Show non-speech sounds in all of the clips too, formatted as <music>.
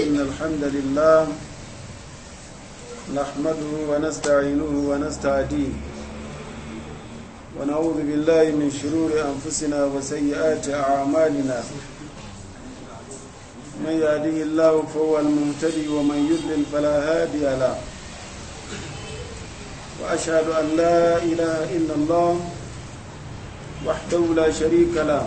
إن الحمد لله نحمده ونستعينه ونستعديه ونعوذ بالله من شرور أنفسنا وسيئات أعمالنا من يهده الله فهو المهتدي ومن يضلل فلا هادي له وأشهد أن لا إله إلا الله وحده لا شريك له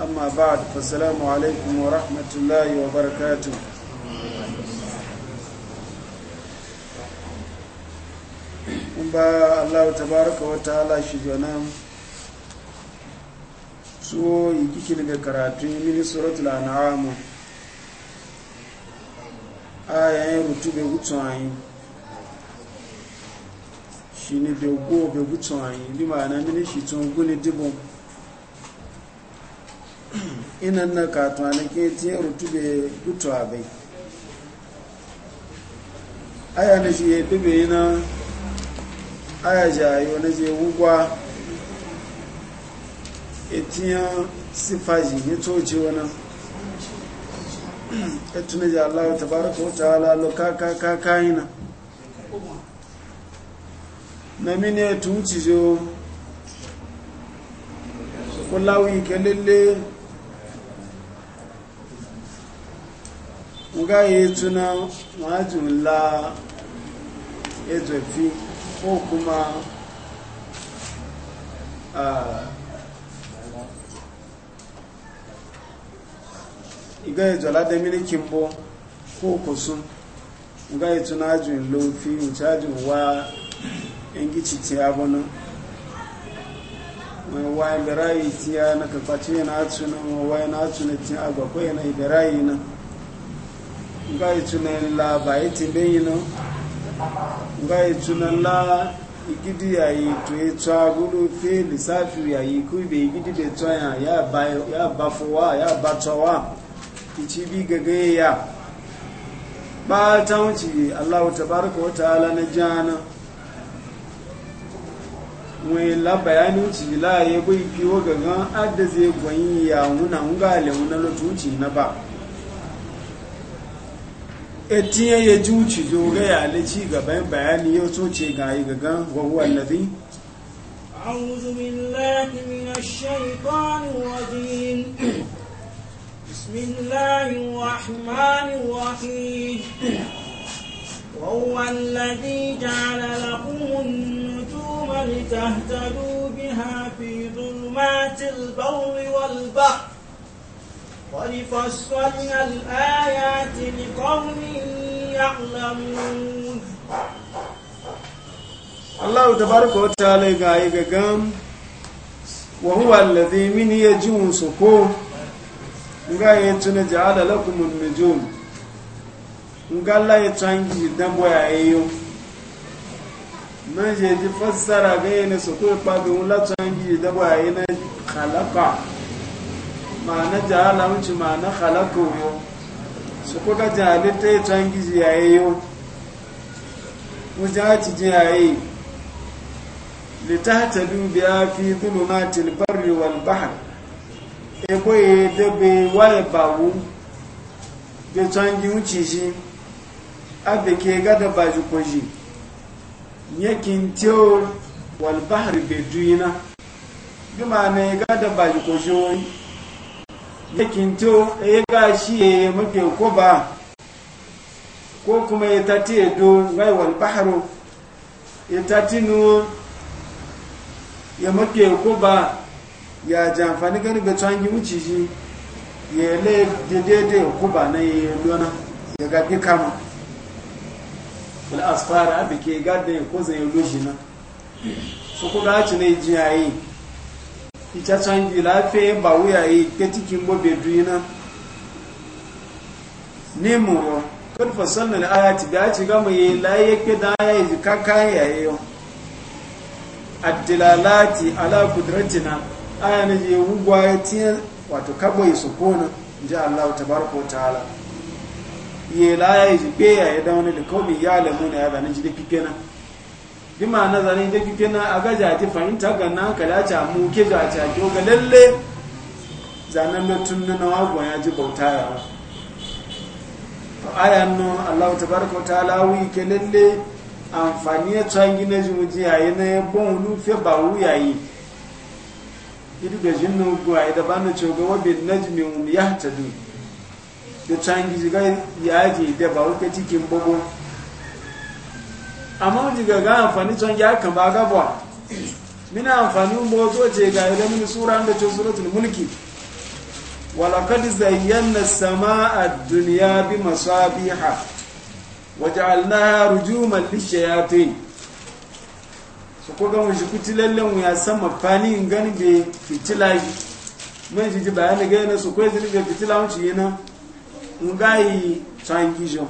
أما بعد فالسلام عليكم ورحمة الله وبركاته ba Allah tabaraka wa ta'ala shi jonan so yi kiki daga karatu mini suratul an'am ayayin rutu be gutsun ayi shi ne be go be gutsun ayi bi ma'ana mini shi tun gune dibon inan na katuwanin ke tiye rutube gutu abai aya na shi ya dube yana aya jayo na je wugwa etiyan sifaji ya e toce wani etu na ji allahu tabaraka wata ala lokaka kakayina na mini etu wuce jo kulawi kelele nga ya tuna majin la ezofi ko kuma iga ya jola da milikin bo ko kusun nga ya tuna ajin lofi wuce ajin wa yan gici ti abonu mai wayan berayi ti ya na kakwaci yana atuna wayan atuna ti agbakwai yana iberayi na nga itunan la bayi ti yi na. nga itunan la igidi yayi to eto agulu fi lisafi yayi ku be igidi be to ya ya ba ya ba fowa ya ba towa bi gege ya ba ta wuce Allah tabaraka wa ta'ala na jana yi la bayanin ci la ya bai kiwo gagan adda zai ya wuna wunga le wuna lotuci na ba etiye ya ji wuce zo ga ya ci gaban bayani yau so ce ga yi gagan wahuwa lafi أعوذ بالله من الشيطان الرجيم بسم الله الرحمن الرحيم وهو الذي جعل لكم النجوم لتهتدوا بها في ظلمات البر والبحر ولفصلنا الآيات لقوم يعلمون الله تبارك وتعالى قائقام وهو الذي من يجون سكون nga ya tuna ja'ala lakum an-nujum nga la ya tangi dan boya ayo na je di fassara ga ne su ko pa ga la tangi dan boya ayo na khalaqa ma'ana jahala wuce ma'ana halakka yo su kuka jahalita ya can gizi yayi yo wuce haci ji yayi litahtadu biya fi zulumatil barri wal bahr e koye dabe wale bawu be can gi wuce shi abe ke gada baji kwaji yakin tiyo wal bahr be duyina bi ma'ana ya gada ko kwaji wani yakin to ya shi ya mafi ko ba ko kuma ya tati ya do gaiwal baharo ya tati nu ya mafi ko ba ya jamfani gani ga canji wuce shi ya le ya ko ba na ya lona ya gabi kama wani asfara abike gadda ya ko zai lushi na su kuma ci yi jiyayi ita canji lafiya ba wuya yi ke cikin bobe duniya ni muro kan fasalna da aya ti ga ci gama yi laye ke da aya yi kaka yayi ala kudratina aya ne je ya tiya wato kabo yi sukuna ji Allah tabaraka wa ala yi laye yi be ya da wani da kawai ya lamuna ya da ni ji da bima nazarin da kike na a gaja ta fahimta ga na kada ta mu ke ga ta ko ga lalle zanan mutun na wagon ya ji bauta ya ayan no Allah tabaraka wa ta'ala wi ke lalle amfani ya tsangi na ji muji yi na bon lu fe ba wu yi. idu ga jin no go ayi da bana ce ga wabi najmi um yahtadu da tsangi ga ji da ba wuke cikin bobo amma jiga ga ga amfani can ya kan ba gaba mina amfani zo ce ga idan mini sura da ce suratul mulki walaqad zayyana samaa ad-dunya bi masabiha waja'alnaha rujuman lish-shayatin so ko ga mu shi kuti lallen mu ya sama fani ngani be fitila men ji bayani ga yana su ko zini be fitila mu ci yana ngai tsangijo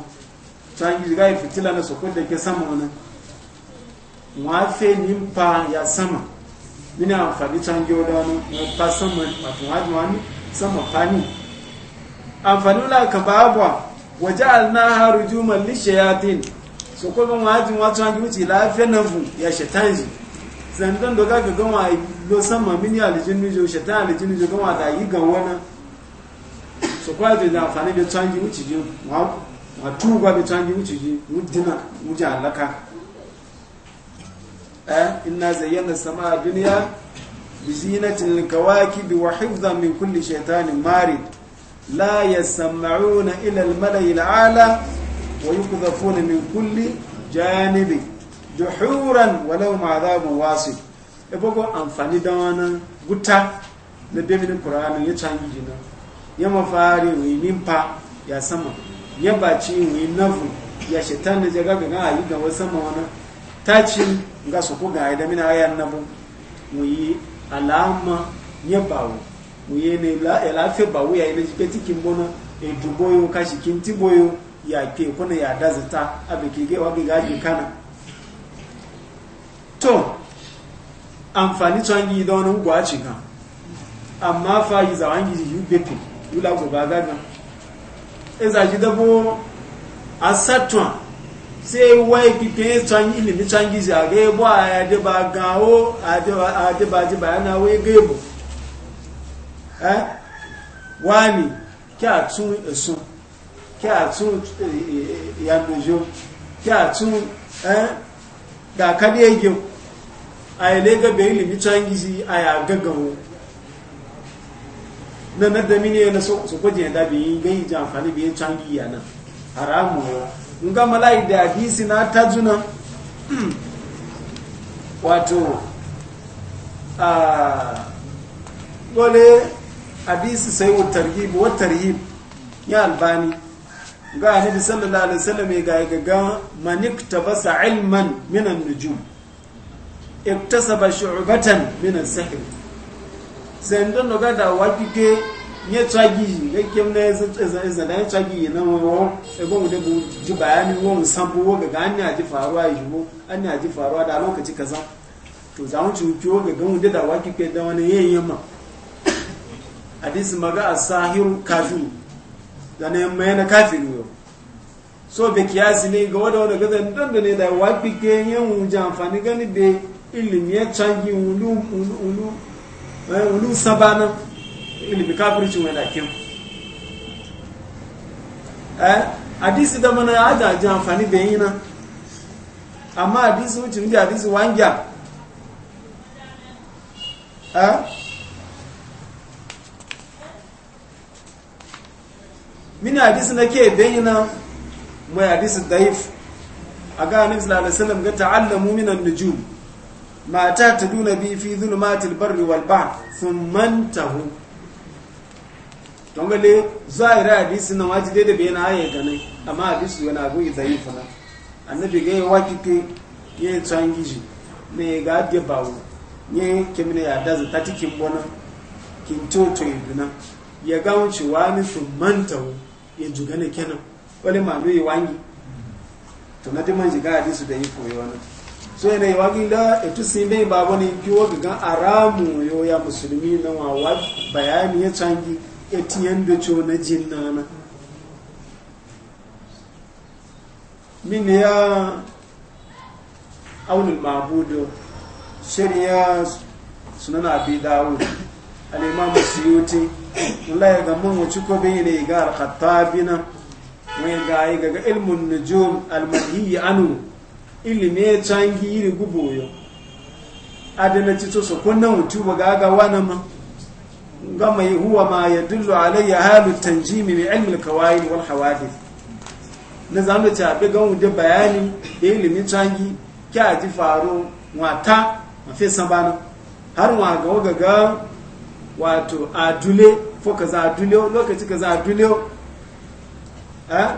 tangi ga fitila na sokon da ke sama wani wafe nimpa ya sama mini amfani tangi da wani pa sama wato wani wani sama fani amfani la ka babwa waja'alna harujuman lishayatin sokon ban wajin wato tangi wuce lafiya na fu ya shatanji zandan da ga gama lo sama mini alijinu jo shatan alijinu jo gama da yi ga wani sokon da amfani da tangi wuce jo a tuba bi canji wuce ji mudina wuce halaka eh ina zayyana sama duniya bi zinatin bi wa hifza min kulli shaitanin marid la yasma'una ila al-mala'i al-a'la wa yukdhafuna min kulli janibi juhuran wa lahum 'adhabun wasif ebogo amfani da wannan guta na bibin qur'ani ya canji jina ya mafari wa nimpa ya sama ya baci wi nafu ya shetan na jaga ga ga yi ga wasan ma wana taci ga su ku ga da mina ayan navu yi alama ya bawo wi ne la ela fe bawo ya ne jike tikin bona e duboyo kashi kin tiboyo ya ke kuna ya dazita abe ke ge wage ga ji kana to amfani to an yi don gwaci ga amma fa yi zawangi yi bepe yula go ba ga ezaji dabo asatwa sai wai kike tsan ilimi tsan gizi a ga bo a de ba gawo a de a de ba ji bayana gebo eh wani ki atu tún ki atu a tún ki atu a da eh ga kade yau a ile gabe ilimi tsan gizi a ya gaggawo na na da mini na so so kwaje da bi gai ji amfani bi cangi ya nan haramu mun ga malai da hadisi na tajuna <clears throat> wato a gole hadisi sai wa targhib wa tarhib ya albani ga annabi sallallahu alaihi wasallam ya ga ga manik tabasa ilman min an-nujum iktasaba shu'batan min as-sihr zendo no gada wakike nye tsagi ne kem na zan da tsagi na wo e bo de bu ji bayani wo sambu wo ga an ya ji faruwa yi wo an ya ji faruwa da lokaci kaza to za mu ci wo ga gamu da wakike da wani yayyan ma adis maga asahir kafiru da ne mai na kafiru yau so be kiyasi ne ga wada wada gazan don da ne da wakike yin wuce amfani gani da ilimi ya canji wulu wulu wulu sabana ilimi kafircin wani lakin eh, hadisi da mana ya ji amfani da yi nan amma hadisi wuce ndi hadisi wangya eh? mini hadisi na ke bayi nan mai hadisi daif a ga hannun sallallahu alaihi wasallam ga ta'allamu minan nujum ma ta ta duna bi fi zulumatil barri wal bahr thumma tahu don gale zahira hadisi na waji daidai bai na haye ganai amma hadisi yana gun izayi fana annabi ga yi wakike ya yi tsohon gishi ne ga adde bawo ne kemina ya dazu ta cikin bona kin toto ibina ya ga wuce wa ni thumma tahu ya jugana kenan wani malu yi wangi to na diman jiga hadisi da yi koyo wani so yana yi wagi da etu sin bai ba wani kiwo ga aramu yo ya musulmi na wawa bayani ya canji etu yadda co na jin nana min ya aunul mabudu ya sunan abi dawud al-imam suyuti wallahi ga mun wacce ko bai ne ga al-khattabina wai ga ga ilmun nujum al anu ilimi ya cangi iri guboyo adana cito su kunnan mutu ba gaga wani ma ga mai huwa ma ya dillo alayya halu tanjimi mai ilmi kawai wal hawadith na zama ci abe ga wude bayani da ilimi cangi kya ji faru wata mafi sabana har wa ga gaga wato adule fo kaza adule lokaci kaza adule eh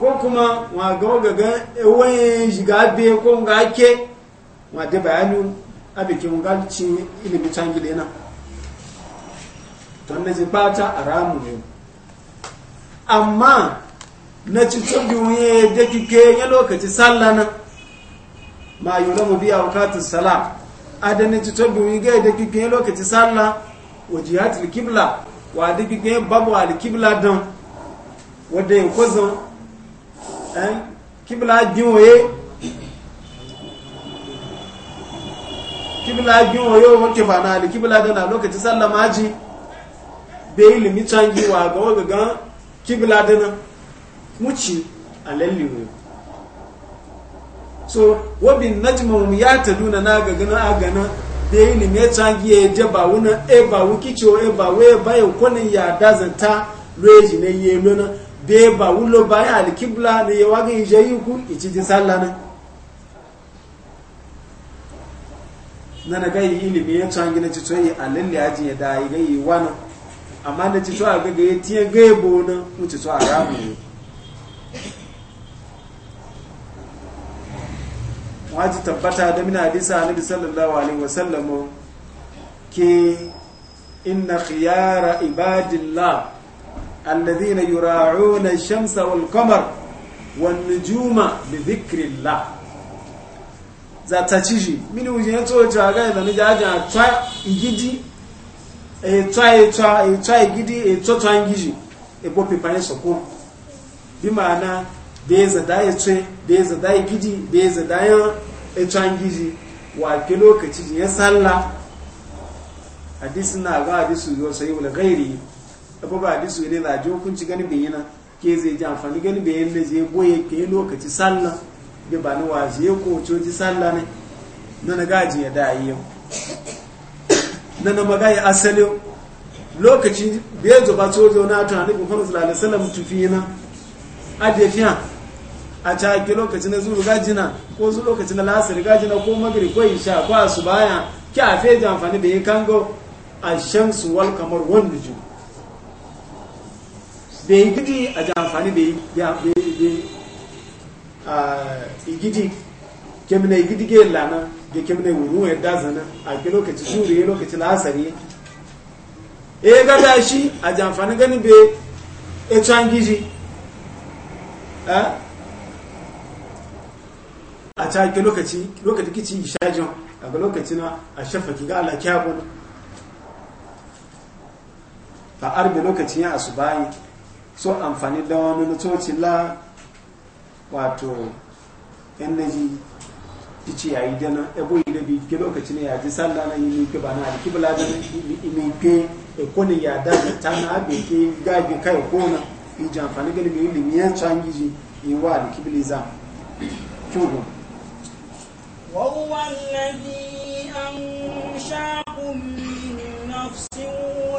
ko kuma wa ga gaga wayan shiga abe ko ga ke wa da bayanu abike mun ga ci ilimi tangi lena to ne zibata aramu ne amma na ci tsobi wuye da kike ya lokaci sallana ma yulamu bi awqatus sala ne ci tsobi wuye ga da kike ya lokaci sallah wajihatul qibla wa da kike babu al qibla dan wanda yin kozon kíbìlá dín òye kíbìlá dín òye òun kẹfà náà lè kíbìlá dánà lókàtí sálàmá jí bẹ ilimi canji wà gánwà gángan kíbìlá dánà múci alẹ́lẹ́wẹ̀ so wọ́bí nájìmọ̀ ya tàdú na náà gagana agana bẹ ilimi canji ya ba bàwú na ba bàwú kíkẹ́ ẹ bàwú ẹ báyẹ̀ kọ́nin ya dázanta lóyẹ̀ jìnà yẹ be ba wulo baya alkibla ne ya waga ije yi ku ici jin sallah na na na ga yi ilimi ya tsan gina ci tsoyi alin da ajin ya dayi ga yi wani amma da ci tsoyi ga ga ya tiye ga ya bo na mu ci tsoyi ramu ne waji tabbata da mina hadisa annabi sallallahu alaihi wasallam ke inna khiyara ibadillah الذين يراعون الشمس والقمر والنجوم بذكر الله zatachiji mini ujine to jaga na ni jaja twa igidi e twa e twa e twa igidi e to twa ngiji e bo pipane soko bi mana beza da e twa beza da igidi beza da ya e twa ngiji wa ke lokaci ya salla hadisi na ga hadisi yo sai wala gairi ko ba su ne za ji hukunci gani bin yana ke zai ji amfani gani bin yana zai boye ke lokaci sallah da ba ni waje ya ko coci sallah ne na na gaji ya da yi yau na na magaya asali lokaci da ya zuba zo na ta hannun kuma sallallahu alaihi wasallam tufi na adefiya a ke lokaci na zuru gajina ko zu lokaci na lasar gajina ko magari ko isha ko asubaya ki a feji amfani da ya kango a su wal kamar wani juma bai gidi a ji amfani bai gidi kemina gidi gayen lana ga kemina wuru yadda zana a ke lokaci shuri ya lokaci lasari e gada shi a ji amfani gani bai etu an gizi a ta ke lokaci lokaci kici ishajin a ga lokaci na a shafa ki ga ala gudu fa'ar da lokacin ya asu bayan so amfani da wani na coci la wato yan na ji ice ya yi dana ebo yi da bi ke lokaci ne ya ji sallah na yi ne ke ba na alkibla da ne ke ekoni ya da da ta na abe ke gage kai kona in ji amfani gani mai ilimi yan can gizi yi wa alkibli za kyugo وهو الذي أنشاكم من نفس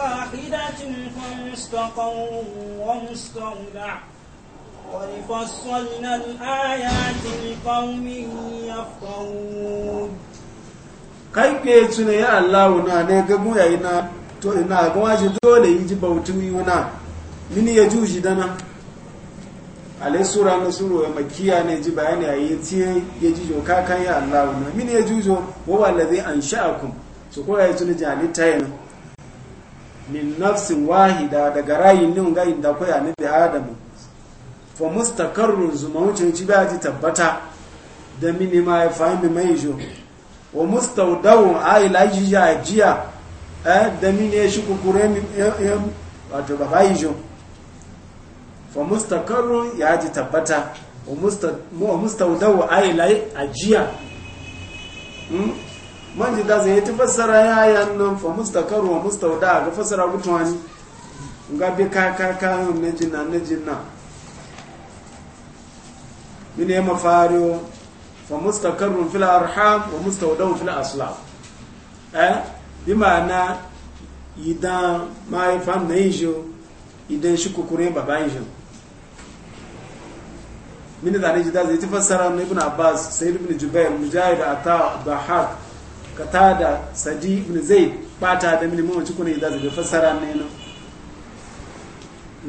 واحدة فمستقر ومستودع قد الآيات لقوم يفقهون kai ke ya Allah na ne ga buya ina to ina ga waje dole yi bautu yi wana mini ya juji dana alai na suru ya makiya ne ji bayani ya yi tiye ya ji jo kakan ya Allah na mini ya jujo wa wallazi an sha'akum su koya ya min nafsin wahida daga rayin nin gayin da koya ni bi adamu fa mustaqarrun zuma wucin ci ba ji tabbata da mini ma ya fahimi mai jo wa mustawdawun aila ji ya jiya eh da mini ya shi kukure mi wato ba bai jo fa mustaqarrun ya ji tabbata wa mustawdawun aila ajiya hmm? man ji da zai ta fassara yayan nan fa mustakaru wa mustauda ga fassara gutuwani ga bi ka ka ka na jinna na jinna mine fariyo fa mustakarrun fil arham wa mustawdawun fil aslab eh bi ma'ana idan yi fam na yijo idan shi kukure baba shi mine da ne jida zai ta fassara ibn abbas sayyid ibn jubair mujahid ata dahak kata da sadi ibn zaid bata da milimin wacce kuna da zaga fassara ne na.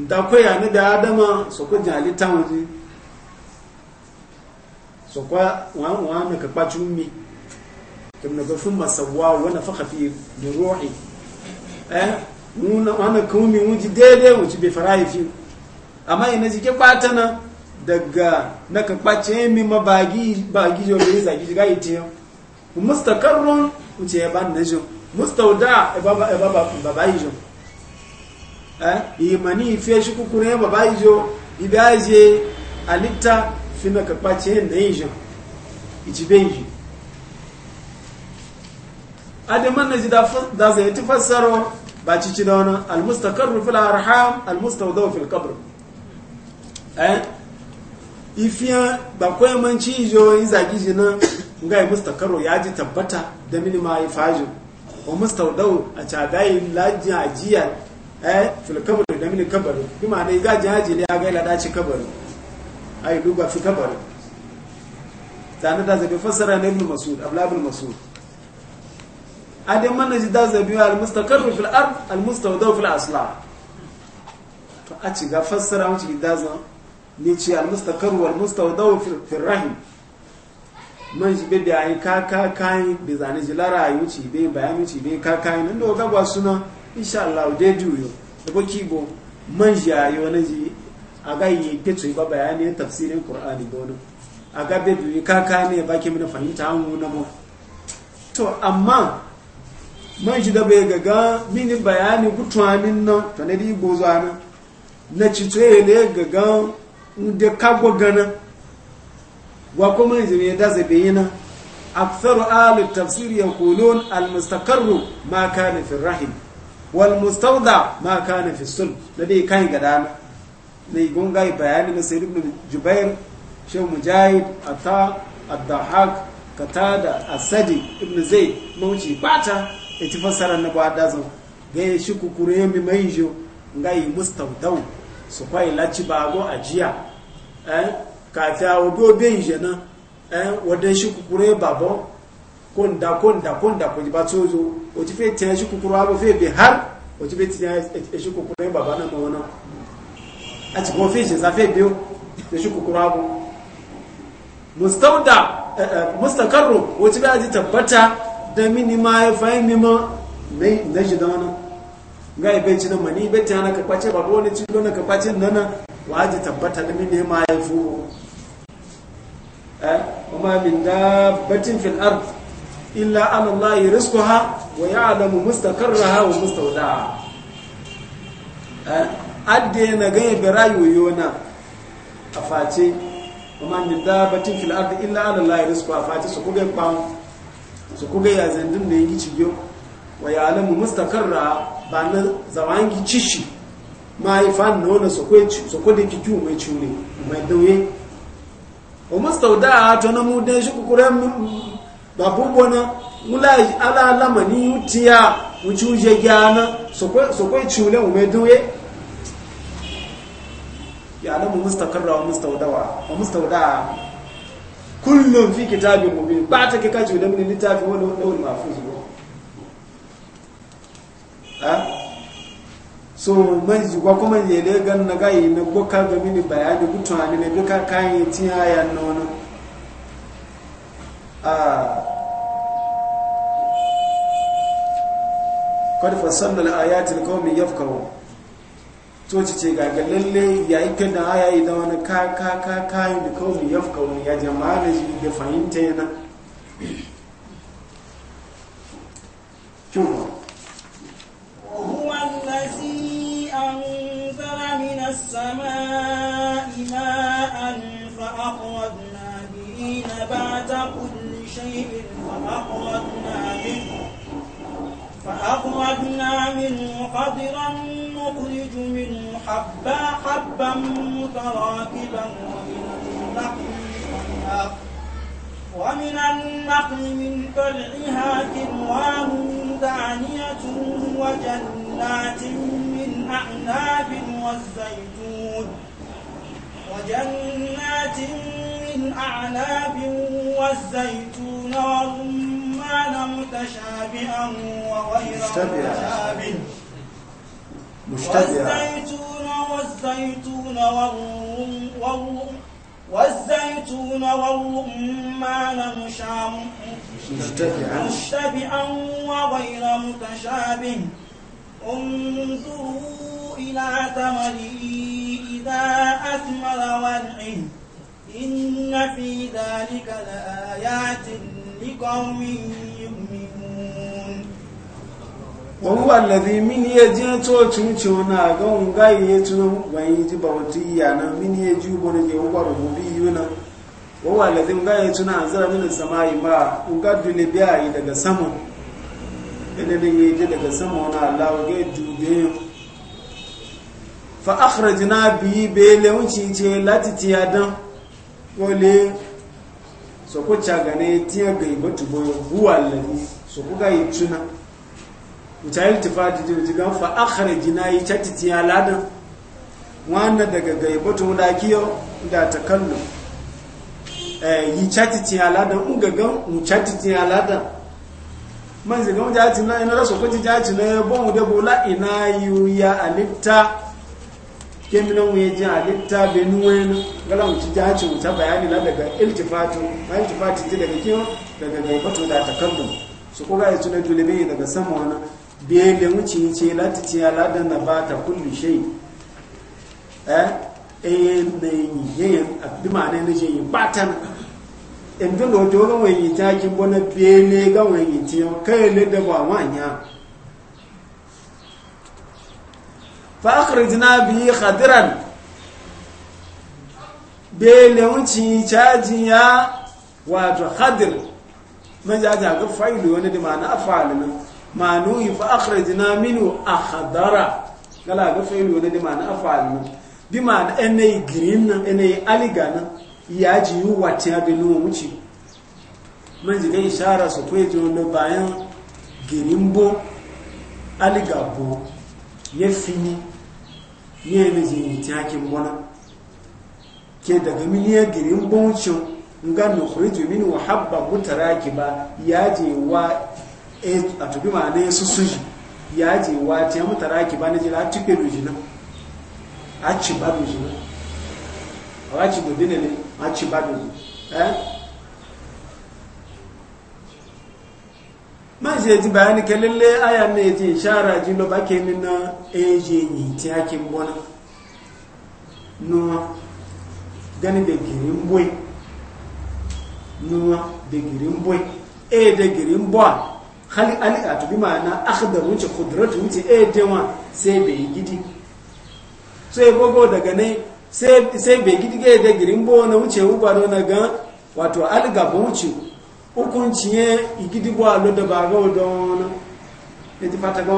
da koya ni da adama so ko jali waje? so kwa wan wan ka kwaci mi kim na gafin masawa wa nafakha fi bi ruhi eh mun wana kumi mun ji daidai wuce bai fara farayi fi amma ina jike kwata na daga na ka kwace mi mabagi bagi jo bai zagi ga itiyo mustakarrun wuce ya ba na jin mustauda ya ba yi jin imani fiye shi kukuru ya ba yi jo ibi aje alitta fi na kakpace yin na yi jin ici bai yi adaman na ji da zai ti fassaro ba ci ci da wani almustakarru fil arham almustauda fil qabr eh ifiya ba koyamanci jo yi zagi jinan ngai mustakaro ya ji tabbata da mini yi fajin wa mustaudau a cagayi lajin ajiya eh fil kabari da mini kabari bi ma dai gaji haji ne ya ga lada ci kabari ai duba fi kabari tana da zabi fassara na ibn mas'ud abla ibn mas'ud adam man ji da zabi al mustaqarru fil ard al mustaudau fil asla to a ci ga fassara mu ci da zan ni ci al mustaqarru wal mustaudau fil rahim man shi da ayi kaka kai da zane ji lara yi ci bai bayan ci bai kaka nan da ga gwa suna insha Allah de duyo da baki bo man shi yi wani ji ga yi ke tsoyi ba bayani tafsirin Kur'ani ba wani ga be duyi kaka ne ba ke mun fahimta an na mu to amma man shi da bai gaga mini bayani kutuwanin nan to ne di bozo na na ci tsoye ne gaga inda kagwa gana wa kuma izini da zabeyina aktharu ahli tafsir yaqulun al mustaqarru ma kana fi rahim wal mustawda ma kana fi sulb da dai kan gadana ne gungai bayani na sayyid ibn jubair a mujahid ata ad-dahak katada asadi ibn zaid mauci bata ya ci fassara na ba da zan ga ya shi kukure mi mai ngai mustawdau su kwai laci bago a jiya. Eh? kafin a wabi obi inje nan eh wadda shi kukure babo konda konda konda ko ba to zo o ti fe tiyan shi kukuru abo fe be har o ti fe tiyan shi kukure baba na mawana a ti ko fe shi za fe shi kukuru abo ti ba ji tabbata da mini ma ya fahimi ma na shi da wani ibe ci na mani ibe tiyana ka kwace babo wani ci na ka kwace nana wa tabbata da mini ma ya fuhu وما من دابة في الأرض إلا أن الله يرزقها ويعلم مستقرها ومستودعها أدينا غير براي ويونا أفاتي وما من دابة في الأرض إلا أن الله يرزقها أفاتي سكوغي بام سكوغي يزندن نيجي تيجيو ويعلم مستقرها بان زوانجي تشيشي ما يفان نونا سكوغي تشيو سكوغي تشيو ما يتشوني ما يدوي o mustauda to na mu dan shi kukuran babu bona mulai ala lamani yutiya uchuje gyana sokwe sokwe chule umeduye ya alamu mustakarra wa mustaudawa wa kullum fi kitabin mubin ba ta kika chule min litafi wani wani mafuzu so man ji kuma ne le gan na yi na boka ga mini bayani gutwani ne duka kayan tin haya nono ah qad fassalna al-ayati liqaumin yafqahun to ci ce ga ga lalle ya ike da aya da wani ka ka ka ya da kaumin yafqahun ya jama'a da shi da fahimta yana kyau السماء ماء فأخرجنا به نبات كل شيء فأخرجنا به فأخرجنا منه قدرا نخرج منه حبا حبا متراكبا ومن النخل من طلعها كنوان دانية وجنات وأعناب والزيتون وجنات من أعناب والزيتون والرمان متشابها وغير متشابه والزيتون والزيتون والرمان والزيتون والرمان مشتبها وغير متشابه انظروا إلى ثمره إذا أثمر وانعه إن في ذلك لآيات لقوم يؤمنون وهو الذي من يجي توتun ciuna ga unga yetu wani ji bautiya na min yeji bone ke uwa rububi yuna wawa lazim ga yetu na azara min samai ma unga dule biya daga sama. ina ne ya ji daga sama wani Allah ga dube fa jina biyi be lewunci ce lati tiya dan wale so ko chaga ne tiya ga ibatu boyo huwa alladhi so ko ga yituna mutayil tifati ji ji gan fa akhrajna yi chati tiya ladan wannan daga ga ibatu da kiyo da takallu eh yi chati tiya ladan un ungagan mu chati tiya ladan man zigan jati na ina raso kwaci jati na bon da bola ina yuya alitta keminan mu yaji alitta benuwe na gala mu ci jati mu ta bayani na daga iltifatu ma iltifatu ji daga kiyo daga gaibato da takallum su ko ga yi tunan julibe daga sama wani biye da wuce ce lati ce aladan na ba ta kulli shai eh eh ne yi yayin abdima ne na je ndo lo to ga wen ta ki bona pele ga wen yiti kai le da ba wanya fa akhrijna bi khadiran bele wuci caji ya wato khadir man ja ta ga failu wani da ma'ana ma ma'anu yi fa akhrajna minhu akhdara gala ga failu wani da ma'ana afalina bi ma'ana enai green nan enai aligana yaji yi wata ya bi nuna wuce man ishara su kwaye ji bayan girimbo aligabo ya fini ya yi mai yi ke daga miliyar girimbo wucin nga nukhrijo min wa habba mutarakiba yaji wa e, a tubi ma ne su suji yaji wa ta mutarakiba ne jira tupe dujina a ci ba a ne wọ́n ti bá gbogbo ẹ́ máa ṣe ti bàá ní kẹlẹ́lẹ́ àyà náà ti ìṣára jí lọ bá ké nínú gani da girin boi nuna da e da girin hali ali a tubi ma'ana akhda wuce kudratu wuce e dewa sai bai gidi so ya daga ne sai bai gidige da girimbo na wuce ubaro na gan wato algaba wuce hukunci ya igidigbo alo da ba ga odon ya ti fata nga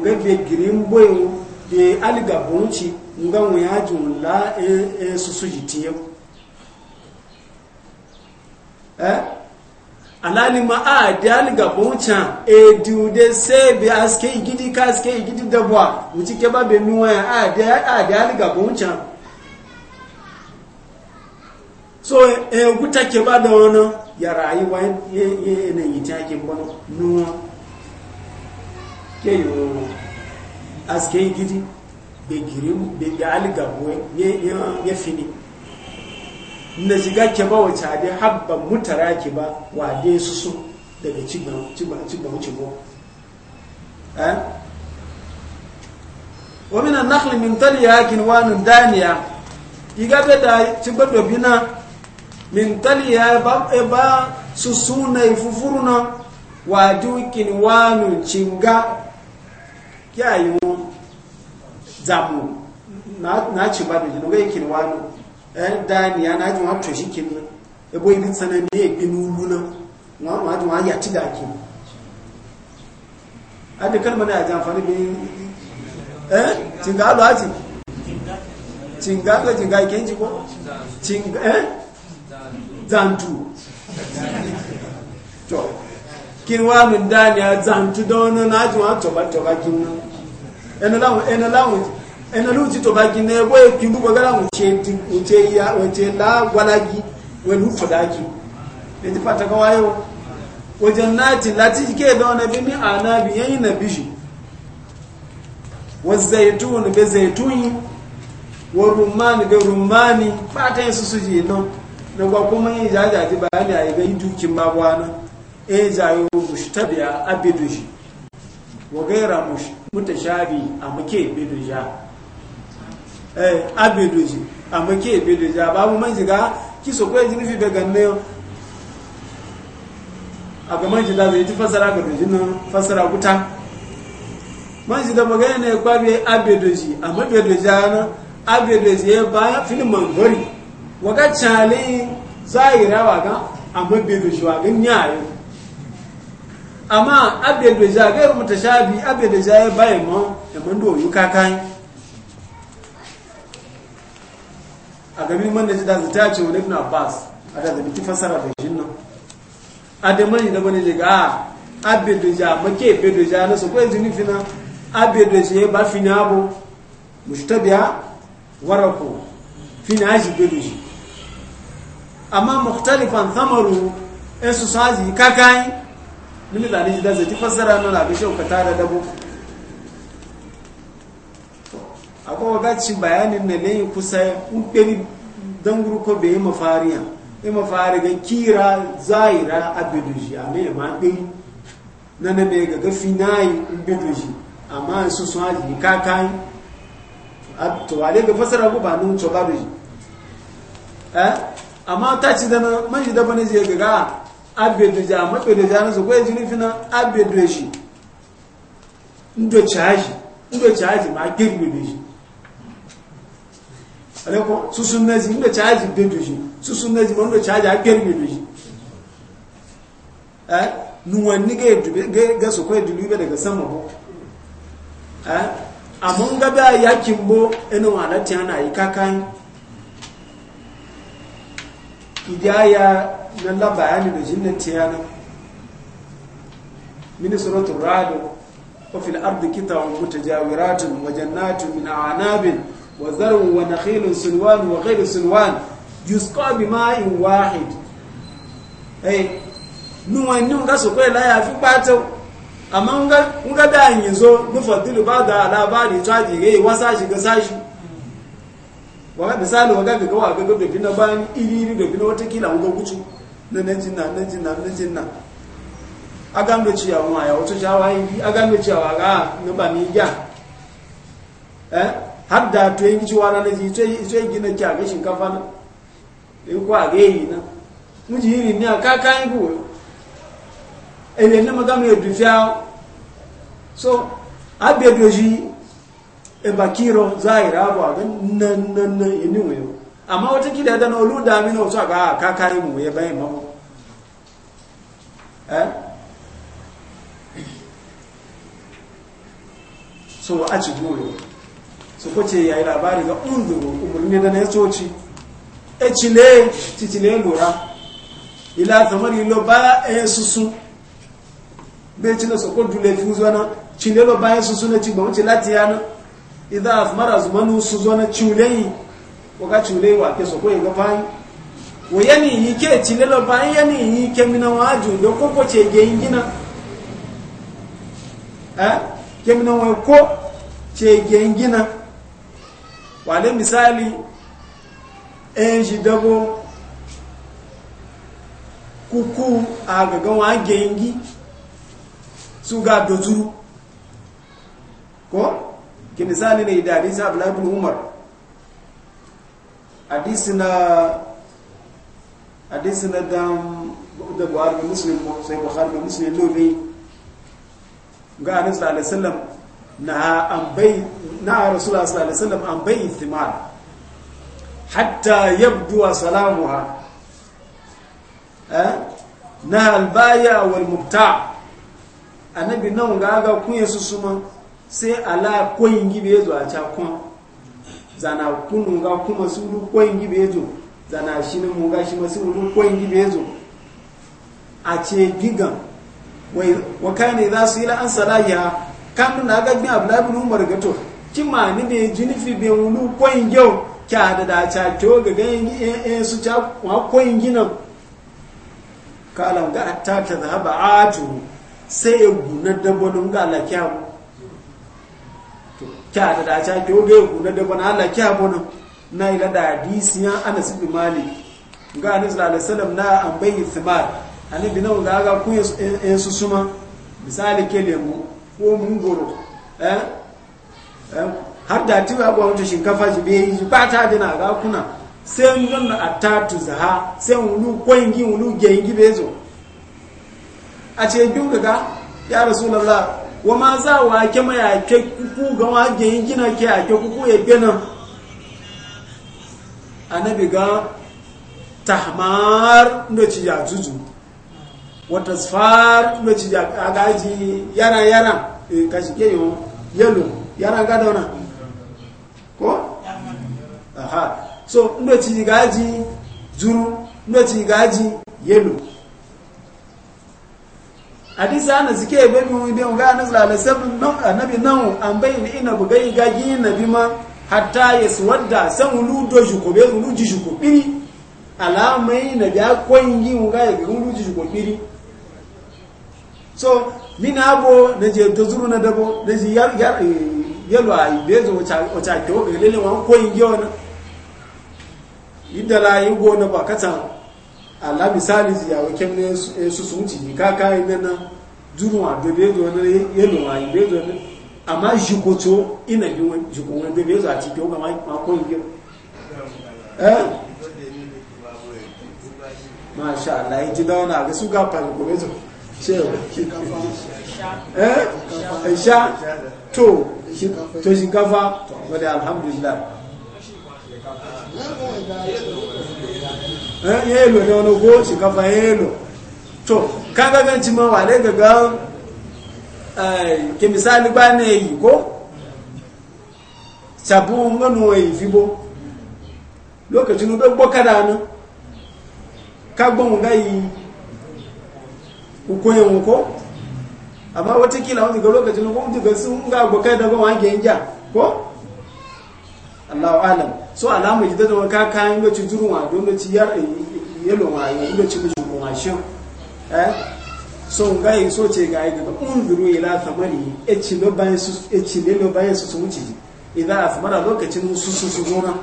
bai girimbo yau da algaba wuce nga mu ya ji wula e, e susu jiti eh alali ma a dali ga boncha e se be aske igidi ka aske igidi dabwa uchi ke ba be nuwa a dali a dali ga boncha so e guta ke ba da wono ya rayuwa ye ye ne yita ke bono nuwa ke yo aske igidi be girim be dali ga bo ye ye fini na shiga ke ba wace ade habban mutara ke ba wade su su daga cibba wuce cibo eh? wa minan nakhl min taliya kinwanun daniya iga be da cibba do bina min taliya ba e ba su suna ifufuruna wadu kinwanun cinga kyayu zamu na ci ba da jinogai kinwanun daniya na ji wani toshi kin nan ebo ibi tsanani ya wu n'ulu nan wani ma ji wani ya ci da ake adi kalma na aji amfani bi eh cinga alu aji cinga ga cinga ikenji ko cinga eh zantu to kin wa min daniya zantu don na ji wani toba toba kin nan ena lawon ẹnu lóòtí tó bá gi ní ẹgbọ́ ìpín gbogbo gbára òtẹ́ lágbàlági wẹ̀lú fọ̀dági ètí pàtàkì wáyé o wajen nati láti ike ní na bí ṣe wọ́n zaitun bẹ zaitun yìí wọ́n rumani bẹ rumani pàtà yẹn susu náà na gbakwa mai jaja bayani a ibe dukin mabuwa na e jayo mushi tabiya abidu shi wa gaira mushi mutashabi a muke bidu Eh, abedoji amma ke abedoji a babu man shiga ki so ko jini fi daga ne a ga man shiga zai ti fasara ga doji nan fasara guta man shiga magana ne kwa bi abedoji amma abedoji ana abedoji ya ba filin mangori waga chale zahira waga amma abedoji waga nyayo amma abedoji a ga mutashabi abedoji ya bayan ma da man doyu kakanyi. a gamin man da ji da ta ce wani ibn abbas a da zabi fasara da shi nan a da mani da mani daga a abe doja make be doja na su kwen jini fina abe doja ba fina abu mushtabiya warako fina shi be doji amma mukhtalifan thamaru esu saji kakai nimi da ji da zai fasara na a bi shauka tare da dabo akwai gaci bayanin na ne kusa in ɗari danguru ko bai yi mafariya yi mafari ga kira zaira a bidoji a mai ma ɗin na na mai ga gafi na yi in bidoji amma su sun haji kakai a tuwale ga fasara ku ba nun coba doji eh? amma ta ci da na manji da bane je gaga a bidoji a maɓidoji a nasu kwaye jini fina a bidoji ndo caji ndo caji ma girbe shi aleko susu nezi ndo chaji bedoji susu nezi ndo chaji agel bedoji eh nuwan ni ga dube ga su kai dube daga sama ko eh amon ga ba yakin bo ina wala tana yi kakan idaya na la bayani da jinnan tiyana min suratul ra'd wa fil ardi kitabun mutajawiratun wa jannatun min a'nabin وزرع ونخيل سلوان وغير سلوان يسقى بماء واحد أي nuwa ni nga so kwela ya fi pato amma nga nga da da labari tsaji ga ga sashi wa gaga ga gaga bayan iri iri da bina wata kila na na najin na aga wato jawa aga wa ga har da to yi ciwa na naji to yi gina ki a ga shinkafa na in ko a ga yi na muji yiri ni aka ka kan ku ele ne madam ye du fia so a be do ji e bakiro zaira ba ga nan nan nan yini e wo amma wata kida da na oluda mi na so aka ka kan mu ye bai mamu eh so a ci goyo su kwace ya yi labari ga unzuru umarni da na ya soci e cile cicile lura ila samar ilo ba ya e susu bai ci na sako dule fi cile lo ba ya e susu na ci wuce lati ya na idan asmara zumanu su zuwa na cileyi waka cule yi wake sako ya ga bayan wo yani yi ke cile lo ba yani yi ke mina wa da koko ce ge ingina eh ke mina wa ko ce ge ingina wane misali ɗayan shi dabo kuku a gagan wange yangi su ga dozu ko ki misali ne da hadisi abdullahi umar hadisi na hadisi na dan da buhari muslim sai buhari muslim lori ga annabi sallallahu na an bai rasulullah sallallahu alaihi wasallam an bai thimar hatta yabdu salamuha eh na albaya wal mubta annabi nan ga ga kunye su suma sai ala koyin gibe yazo a ca kun zana kunu ga kuma su ru koyin gibe yazo zana shi ne mu ga shi masu ru koyin gibe yazo a ce gigan wai wa kana idza su ila an salaha kamar na ga gbin abu ibn umar gato ki ma ni be jinifi fi be wulu koyin yau kya da da cha to ga ganin eh, eh su cha wa koyin gina kala e ga atta ta zahaba atu sai e guna dabbon ga Allah kya to kya da da cha to ga e guna dabbon Allah kya mu na ila da hadisi ya Anas ibn Malik ga Anas sallallahu alaihi wasallam na ambayi thimar annabi nan ga ga ku en eh, eh, su suma misali ke lemu ko mun eh? eh har da ti ba wata shinkafa ji bai ji ba ta dina ga kuna sai mun atatu zaha sai mun lu koingi mun lu gengi bezo a ce duk daga ya rasulullah wa ma za wa ke ma ya ke ku ga wa gengi na ke ya ke ku ya gena annabi ga tahmar ndo ci ya juju wata far lokaci da agaji yana yana eh, ka shi ke yalo yana ga dauna ko aha so lokaci gaji zuru lokaci gaji yalo hadisi ana zike ya bami wani biyan ga anasu na annabi nan an ni ina bugai gagi nabi ma hatta ya suwadda san wulu doji ko bai wulu ji shi ko biri alamai na biya kwangi wunga ya ga wulu ji shi ko biri so mina abo na je to na dabo na yar yar e, yelo ai bezo wacha wacha to e, lele wan ko yin idala yi na ba kata ala misali ji ya wakem ne e, su sun ci kaka ka ina na zuru a bezo na yelo ai bezo na amma ina bi wani jikon wani bezo a to ga ma ko yin yo eh? ma masha Allah yi ji dauna ga su ga fa ko bezo Eh? sha to to shinkafa wadda alhamdulillah yelo eh, yelo to kaga ganci ma wale gaga eh, ke misali ba ne yi ko sabu ngano yi fibo lokacin ugbo kada nu kagbon ga yi kukoye muko amma watakila wani ga lokacin na kuma ga sun ga abokai da wange yin ko allahu alam so alamu ji da wani kaka yin gaci durun wa don gaci yalo yi yin gaci gaci kuma shi eh so ga yi so ce ga yi ga unzuru ila thamari eci lo bayan su eci le lo bayan su su ci idan asmara lokacin su su su gona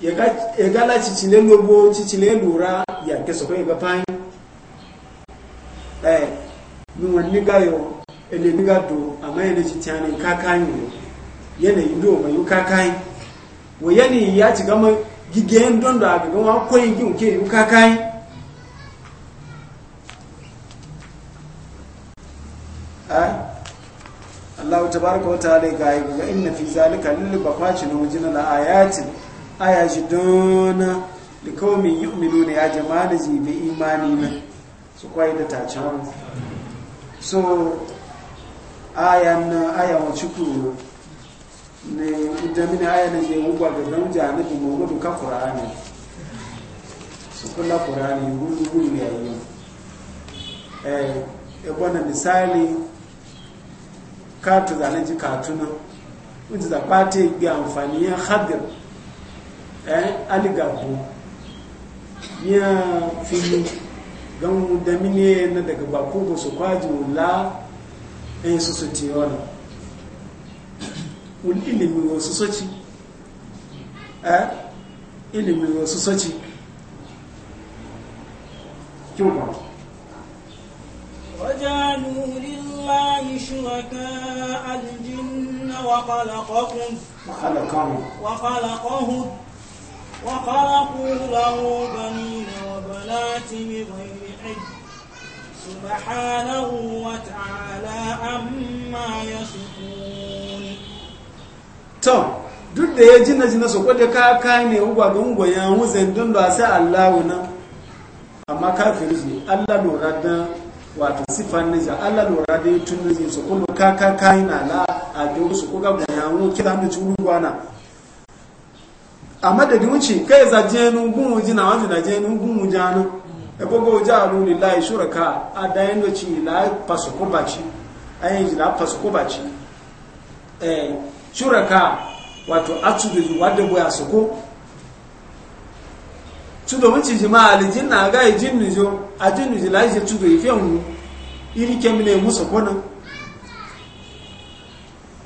ya ga ya ga la ci ci cicile lura ya ke so ko ga fayin eh nuwa niga yo ele niga do amma yana ci tani kakani ne yana yi do mai kakani wa ne ya ci gama gigen don da ga gama koyi gi ke yi kakan eh Allah tabaraka wa ta'ala ga yi ga inna fi zalika lil bafaci na wajina la ayatin ayaji dona da kawai min yi umilu ne ya jama'a da jibe imani na su kwaye da tacewa so ayan na ayan wacce kuro ne idamini ayan ne wugwa ga don janibi mawudu ka kur'ani so kula kur'ani gudu gudu ya yi ebe na misali katu zane ji katuna wuce da kwate bi amfani ya hadir eh aligabu ya fili don da mine na daga baku ba su kwaji wula ɗin su su ce wani ilimin wasu soci eh ilimin wasu soci kyuba وخلقهم وخلقوا له بنين وبنات بغير سبحانه وتعالى أما يصفون تو duk da ya ji na ji na soko da kaka ne ugwa ga ungwa ya wuzan don da sai Allah na amma kafiri ne Allah lura da wato sifan ne ja Allah lura da tun ne ji soko da kaka kai na la a do su ko ga ya wu kira da churuwa na amma da dunci kai za je nu gun wujina wanda da je nu gun wujana ebogo ja'alu lillahi shuraka adayin da ci la fasuko baci ayin ji la fasuko baci eh shuraka wato atubu wadda boya suko tudo munci jima alijin na ga ijin nujo ajin nuji la je tudo ife mu iri kemne musu kona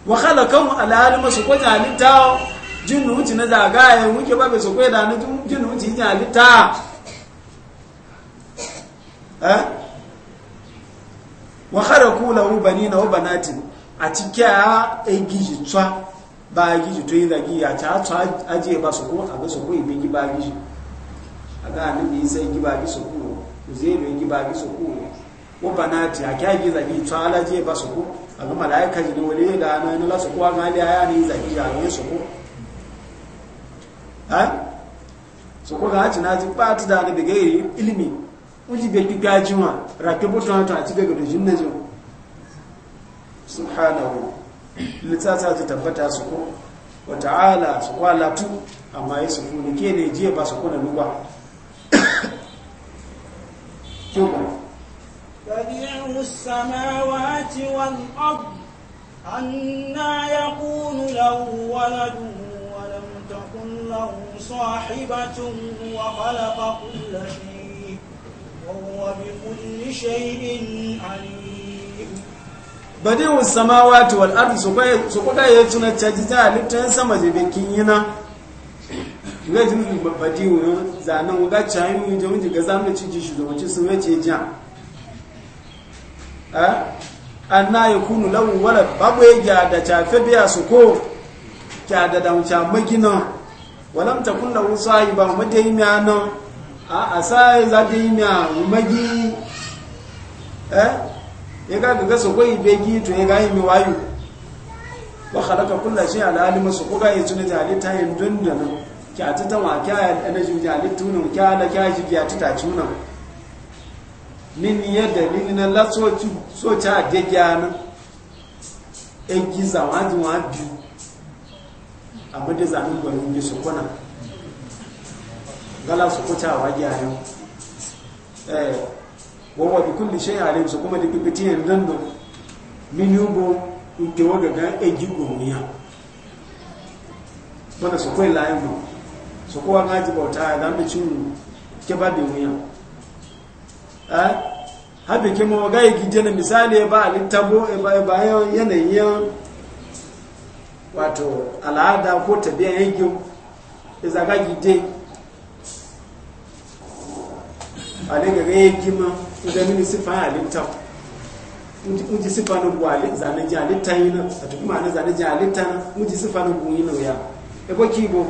wa khalaqahu ala alima su kwaja alita jinnu wuci na zagaye muke babe su kweda na jinnu wuci jalita Eh? wa kharaku lahu ubanina wa banatin a cike tswa ba giji to yin zagi ya ta tswa aje ba su ko a ga su ko ibe gi ba giji a ga nan bi sai gi ba gi su ko uzero ba gi su ko wa banati a kya gi zagi tswa ala je ba su ko a ga malaika ji ne wale da nan la su ko ga ali aya ni zagi ya ne su ko suku? Eh? su ko ga ci na ji ba ta da ne daga ilimi wuji ga giga jima rafi butu hanta a cikin gado jin najin subhanahu litsatsa ta tabbata su ko wa ta'ala su kwalatu amma ya su funi ke ne jiya ba su kuna lugwa kuma badi'u samawati wal ard anna yakunu lahu waladun ولم تكن له صاحبة وخلق كل شيء وهو بكل شيء عليم بديع السماوات والأرض ta يتنا تجتا لتن سما جبكين ينا nga jin ba badi wani zanen ga cayin mu je mu ga zamu ci ji shugabanci sun yace ja a anna yakunu lahu wala babu ya da tafe biya su ko kya da magina walam takun lahu sahiba nan a sai za ta yi miya magi eh ya ga gaga su kwai begi to ya ga yi mi wayo ba halaka kulla shi ala alima su kuka yi tuni ta halitta yin dundana kya ta ta ma kya yi ana shi ta halitta nan kya da, kya ji, kya ta ta tuna min ya dalili na la so ci so ta de gyana e giza wa ji wa biyu amma da zamin gwanin ji su kuna gala su kuta wa gyaran eh wawa bi kulli shay alim su kuma da pipiti en dando minubo ke waga ga ejigo miya bana su kwai layin mu su kowa na ji bauta da mu cin ke ba de miya eh habe ke mo ga gije na misali ba littabo e ba ba yi wato al'ada ko tabiyan yankin izagaji gide ale ga ga gima ga mini sifa halitta muji sifa na gwale zane ji halitta yi na a tuku ma'ana zane ji halitta na muji sifa na gunyi na ya bo, kibo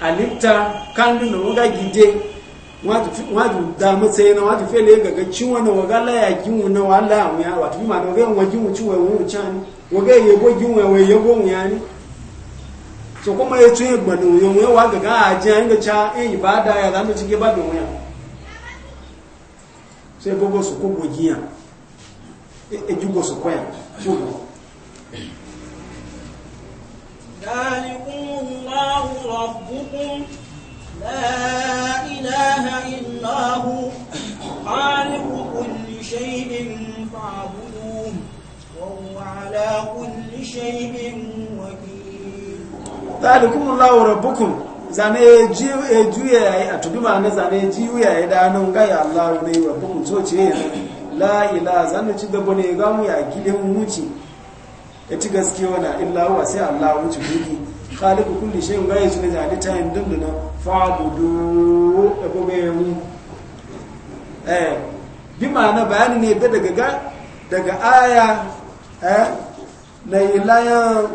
halitta kandu na waga gide wadu da matsayi na wadu fele ga ga ciwo na waga laya ginwu na wala amu ya watu bi ma'ana waga yin wa ginwu ciwo ya wuri cani waga yabo ginwu ya wai yabo mu ya ni so kuma ya tun ya gbanu yawon yawa ga ga ajiya inda ca yin e ibada ya zama cikin ba domin ya sai gogo su ko gogiya e, e jugo su kwaya jugo dalikum allah zane ji e juya yi a tubi ma na zane ji ya yayi da nan ga Allah ne wa kuma so ya la'i la ila ci gaba ne ga mu ya gile mu muci ya ci gaske wala illa huwa sai Allah mu ci duki khaliqu shi shay'in ga ya ne zane ta yin dunduna fa'budu e kuma ya mu eh bi ma'ana bayani ne da daga ga daga aya eh na ilayan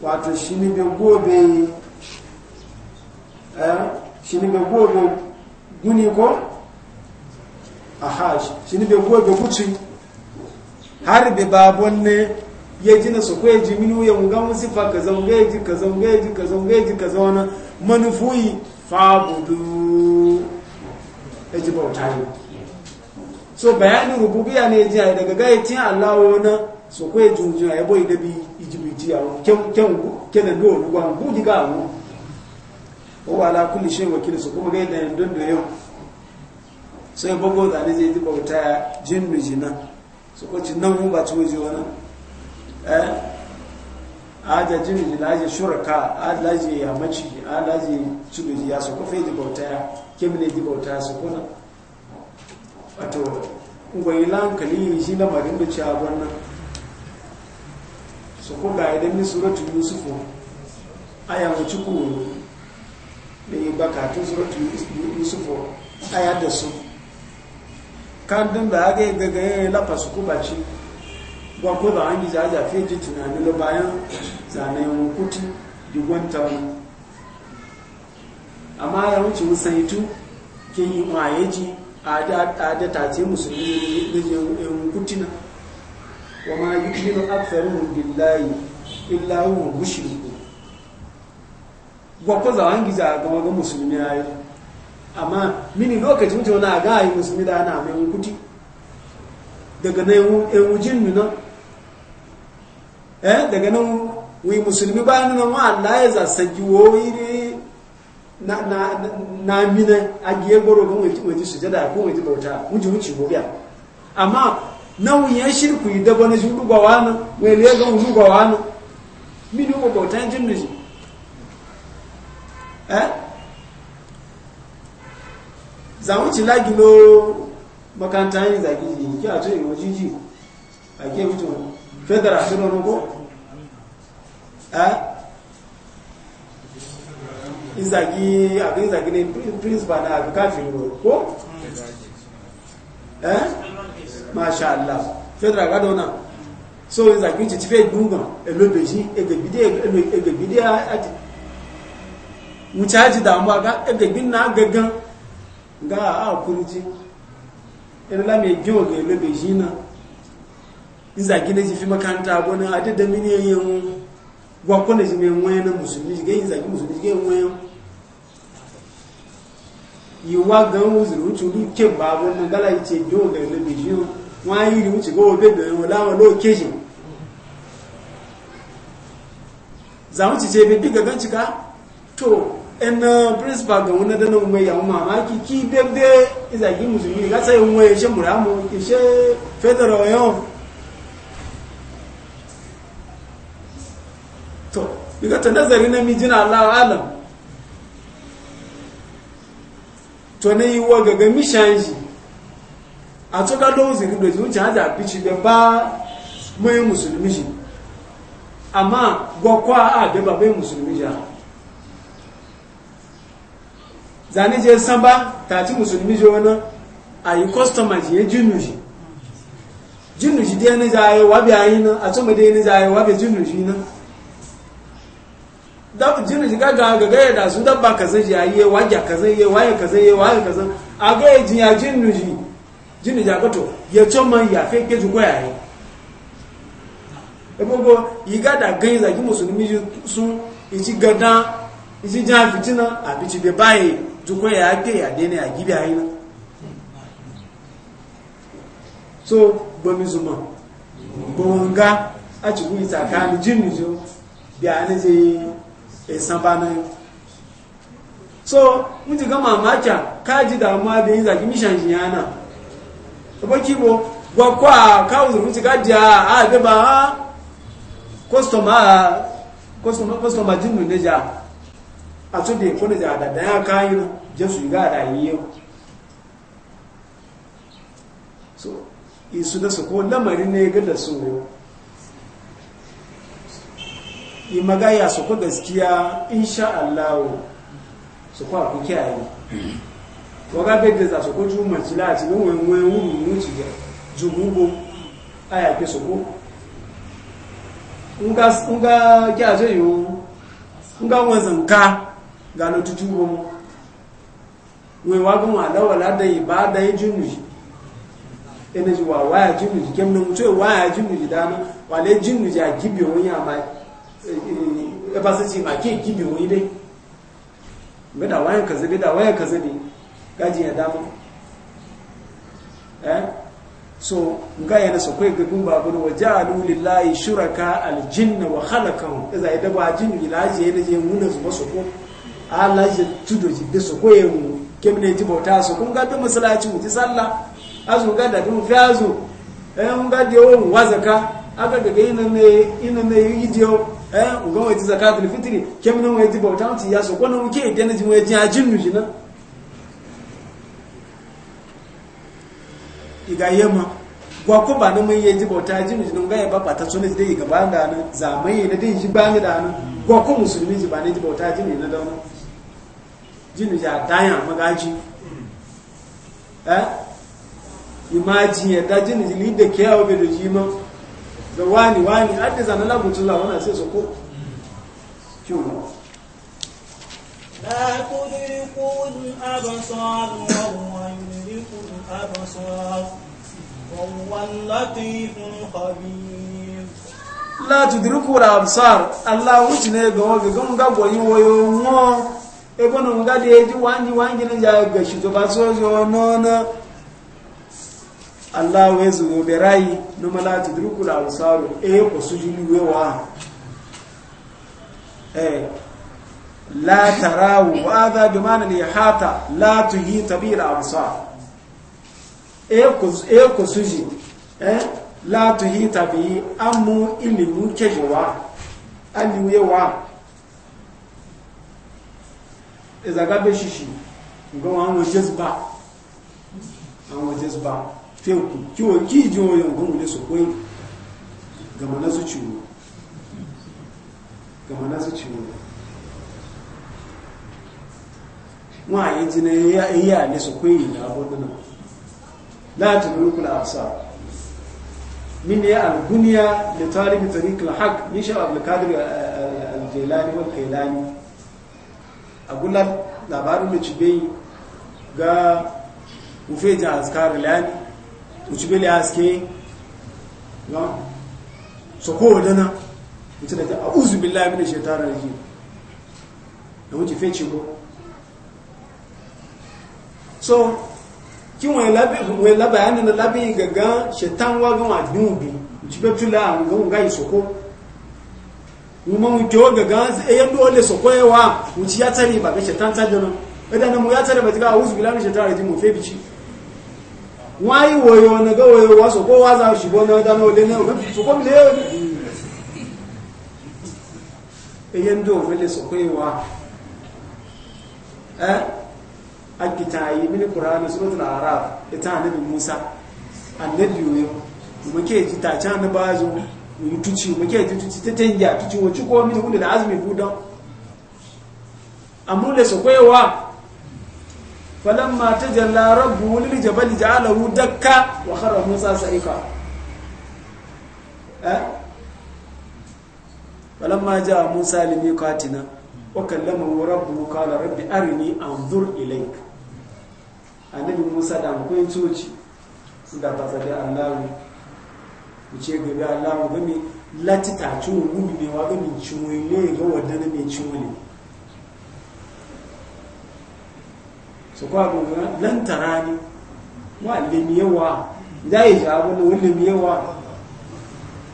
wato shi ne gobe Eh? shi ne bai gobe guni ko a hajji shi ne bai gobe kuci har bai babon ne ya ji na su kwaye jiminu ya muga musu fa ka zaunge ji ka zaunge ji ka zaunge ji ka zauna manufuyi fabudu ya ji bauta ne so bayanin rububiya ne ji a daga gayyacin allawo na su kwaye junjun a yabo idabi ijibiti a kyan kyan kyan da duwa ruwan guji ga wa ala kulli shay wakil su kuma gaida yin dundu yau sai bago da ne zai duba wuta jin mijina su ko cin nan ba ci waje wani eh da jin mijina a shuraka ji ya maci ci tsubi ya su ko fai duba wuta ya kemne duba wuta su ko na wato ungwai lankali shi lamarin da ci a wannan su ko ga idan ni suratul yusufu aya mu ci ku da yi bakatun suratu yusufu a da su kandun da aka yi gagaye lafa su kubaci gwakwa da an a aja ji tunanin da bayan zanayen kuti digwanta mu amma ya wuce musaitu ke yi mayeji a da ce musulmi da yin na wa ma yi kiro aksarin billahi illa huwa mushrik gwakwa zawon giza ga musulmi ya yi amma mini lokacin mutu wani aga yi musulmi da ana mai kuti daga na ewujin nuna eh daga nan wi musulmi ba nuna wa Allah ya zasagi wowi ne na na na mina agiye goro ga wuce wuce sujada ko wuce bauta wuce wuce gobiya amma nan ya shirku da bana shi rubawa nan wai le ga rubawa nan minu bautan jinnu shi eh zamu ci lagi no makanta yin zagi ji ki a to yi waji ji a ke fito fedara su eh izagi abin zagi ne principal na abin kafin eh masha Allah so izagi ci ci fe dungan elobeji mucaji damuwa ga ɗagbin na agagan ga a kurji irla mai gina ga ilo bai na izagi na ji fi makaranta gona na mini yayin gwakwana ji mai na musulmi ga izagi musulmi ga enwe yiwa ga uche wuce ni ke ba na gala yi ce gina iri ilo bai shi na wani yi ga wabe ga yin wala wani lokeji zamu ebe ena principal ga wuna da nan wai yawon mamaki ki bebe musulmi ga sai ishe muramu ishe federal yawon to daga ta na mijina allah ala to na yi wa mishan mishanji a tsoka don ziri da zuci haja bici da ba musulmi shi amma gwakwa a da a musulmi zane je san ba ta ci musulmi jo wani a yi kwastoma je jinuji jinuji dai ni zaye wabi a yi na a tuma dai ni zaye wabi jinuji nan jinuji gaga gaga ya da su dabba ka zai ya yi wajya ka zai yi waye ka zai yi waye ka zai a ga ya jiya jinuji jinuji a gato ya coma ya fe e kwaya yi ebogo yi gada ganyi zagi musulmi sun ci ici gada ci jan fitina a bi ci bai bayi. tukwa ya ake ya dene ya gibi haina so gbami zuma gbonga e a ci itaka tsakanin jini jo biya ni je esan bana yau so mun ji ga mamakin kaji damuwa da yin zaki mishan shi yana ba kibo gwakwa kawo zuru ti gaji a agaba ha kwastoma kwastoma jinnu ne ja a tun da kuna da adada ya kayan jesu ga rayuwa so isu da su ko lamarin ne ga da su yi magaya su ku gaskiya insha Allah su kwa ku kiyaye waga bai da za su ko juma jila a cikin wenwen wuru nuci ga jugugu a yaƙi su ku nga nga kya zai yiwu nga wanzan ka gano tutu mu we wa gun ala wala da ibada yi junuji ene ji wa wa junuji kem na mutu wa junuji da no wale junuji a gibi won ya ma e ba se ti ma ke gibi won ide be da wayan kaze be da wayan kaze ne gaji ya da mu eh so nga yana so kai ga gumba gudu wa ja'alu lillahi shuraka aljinna wa khalaqahum iza e idaba jinni laji yana je muna zuba su ko Allah shi tudo ji da su koye mu kemne ji bauta su kun ga da masallaci mu ji sallah azu ga da mu fi azu eh mun ga da yawan wazaka aka ga ina ne ina ne yi jiyo eh ga wai ji zakatul fitri kemne wai ji bauta mu ya su ko mu ke da ne ji mu ji ajin mu jina iga yema gwa ko ba na mun yi ji bauta ji mu jina ga ya ba pata sunan ji da ga ba da nan zamai ne yi ji ba ni da nan gwa ko musulmi ji ba ne ji bauta ji ne na da wannan jinu ja dayan magaji eh imaji ya da jinu ji lide ke ya obe da jima da wani wani adda zana la mutula wana sai so ko kyuma لا تدركه الأبصار وهو يدرك الأبصار وهو اللطيف الخبير لا تدركه الأبصار الله وجنه غوغ غوغ غوغ ebona ngadi eji wanji wanji na jaga shito basojo nona Allah wezu oberai no malati druku la usaru e ko sujini wewa eh la tarawu hadha bimana lihata la tuhi tabira absar e ko e ko suji eh la tuhi tabi amu ilimu kejewa aliwewa ezaga be shishi nga wa mo jezba àwọn jezba feku ki wo ki ji wo yo ngomu le gama na zuci gama na zuci wo mo aye ti na ya ya le sokwe yi na bodo na la tudruku al absar min ya al gunya li talib tariq al haq ni sha a gula labarin mai cibe ga ufejin askari lani ucibe le aske ga soko wadana mutu da ta a uzu billahi mini shetarar yi da wuce feci ko so kí wọ́n labayanin labin gaga shetan wagon adin ubi ucibe tula a gaga soko. mun ke waga ganzi e yando wale so koyewa uci ya tare ba ga shetan tare no mu ya tare ba tiga uzu bilamin shetan rajim mu febici wai woyo na ga woyo wa so ko wa za shi bona da no le ne so ko le e yando wale so koyewa eh akitayi min qur'ani suratul a'raf ita annabi musa annabi yoyo mu ke ji ta can ba zo tuci muke tuci ta tanya tuci wacce ko mini wunda da azumi budan amma da su kwaiwa falamma tajalla rabbu lil jabal ja'alahu dakka wa khara musa sa'ika eh falamma ja'a musa limiqatina wa kallamahu buka da rabbi arini anzur ilayk annabi musa da amkwai coci su da ta an annabi ce gabi Allah mu gami lati ta ci wani ne wa gami ciwon ne ga wadda na mai ciwon ne su kwa gobe nan tara ne wa limi yawa za yi ja wani wani limi yawa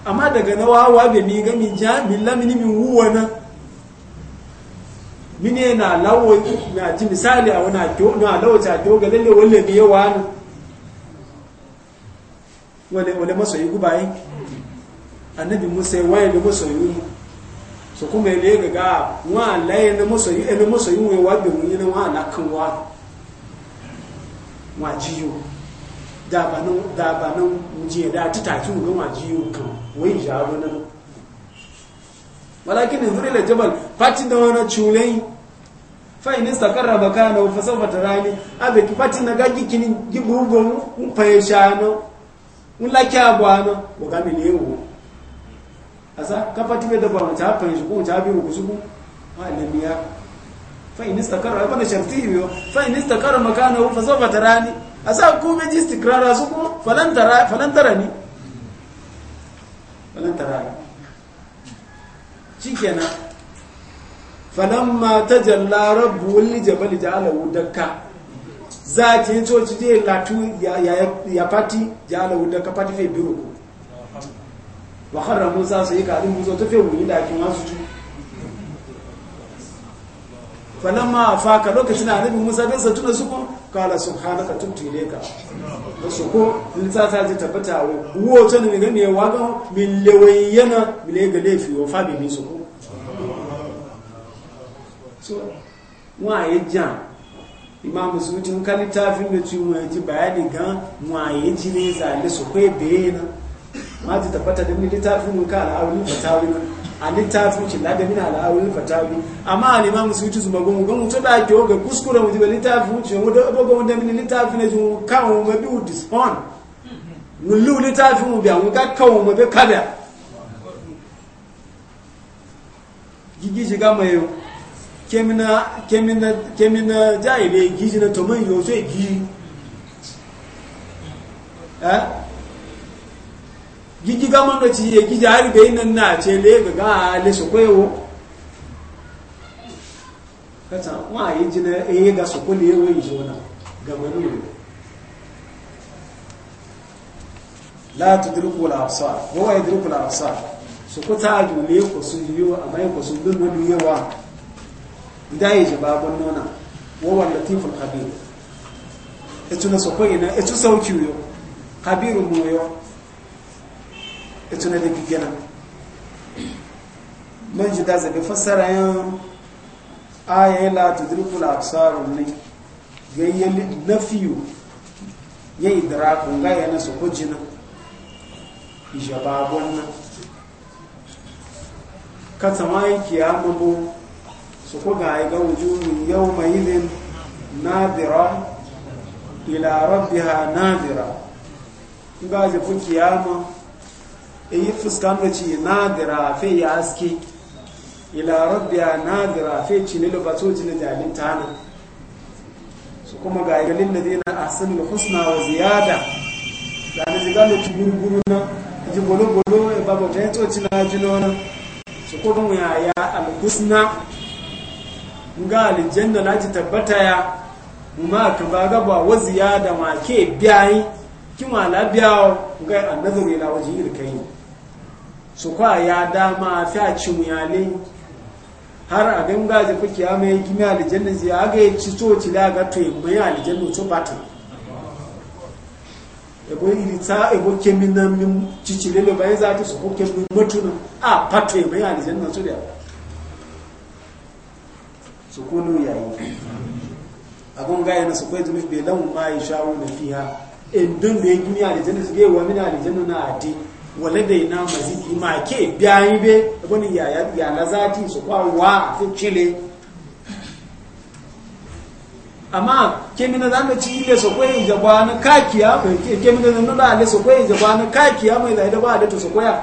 amma daga na wawa bai mi gami ja mi lamini mi wuwa na mine na lawo na ji misali a wani na lawo ta doga lalle wani limi yawa ne wale masoyi gubayi annabi musa ya waye da masoyi mu so kuma ile ga ga wa laye na masoyi ele masoyi mu wa be mu ne wa na kan wa wa jiyo da ba nan da ba nan mu je da titaki mu wa jiyo kan wai jaro nan walakin yanzu ila jabal fatin da wani culai fa'in istakarra bakana fa sawfa tarani abe ki fatin na gaji kini gibugo mu faye shano ńlá kí àbọ̀ àná ọ̀gámi lè wò àṣá kápátí bẹ́ dọ̀bọ̀ àwọn tàbí ìṣùkú tàbí òkúsùkú wọ́n àlẹ́mí ya fẹ́yìn ní stakara ẹgbẹ́ na ṣàfitì yìí fẹ́yìn ní stakara makana fa sọ́fà tara ni àṣá kú méjì stikara sukú falantara ni falantara ni shikenan falamma tajalla rabbu jabal ja'alahu dakka za a ce coci dai latu ya fati ya alawu ka fati fai biro ku wa harra musa su yi kaɗin buzo ta fai wuyi dakin masu ju ma a faka lokacin da annabi musa bin sa tuna suku kala subhanaka tuntu ka da suku lita ta ji tabbata wa wo to ne ga ne wa ga min yana min ga laifi wa fabi su suku so wa ya jan imam suti mun kali tafin da ci mu yaji bayani gan mu yaji ne zale su kai bayana ma ta tabbata da ni tafin mun ka al'awli fatawi a littafin ci da min al'awli fatawi amma al-imam suti su magun gan mutu da ke ga kuskure mu ji littafin ci mu da bogo mu da min littafin ne mu ka mu ga du dispon mu lu littafin mu biya mu ka kawo mu be kada gigi shiga mai yau kemina kemina kemina gizi na to man yoso e gi eh gigi ga man ci e nan na ce le ga ga le so kwewo kata wa yi e jina e ga so ko le wo yi jona ga manu la tudriku al absar wa yudriku al absar so ko ta ajule ko su yiwo amma ko su dun yawa dai jawabun nona wa latiful khabir etu na so koyina etu sauki yo khabiru mu yo etu na de gigena man ji da zabe fassara yan aya la absar ni ne gayyali nafiyu ya idrakun ga na so kujina ijababun nan ka tsamai kiyama su kuga ga wujuhun yau mai yin nadira ila rabbiha nadira ga jifu kiyama yi fuskan da ci nadira fi yi aski ila rabbiha nadira fi ci ne batu ci na jalin tana su kuma ga igalin da zina a sun husna wa ziyada da na ziga da tugurguru na ji bolo-bolo ya e babu ta yi tsoci na jinona su kudin ya ya al alhusna nga alijanna na ji tabbata ya muma ka ba ga ba wa ziyada ma ke biyayi ma la biyawo nga annazuru ila wajhi alkarim so kwa ya dama fa ci mu yale har a ga nga ji fuki ya mai gimi alijanna ji aga ya ci to ci la ga to mai aljanna to batu ebo irita ebo kemin nan min cicilelo ba za ta su ko kemi matunan a pato mai aljanna to da su kunu yayi abun gaya na su kai zumi bai lamu ma ya shawo na fiya in dun da ya gini alijanna su gaiwa mini alijanna na ati waladai na maziki ma ke biyayi be abun ya ya ya na zati su kwawa fi cile amma kemina za mu ci ile su kwaye jaba na kakiya kemina na nuna ale su kwaye jaba na kakiya mai zai da ba da to su kwaya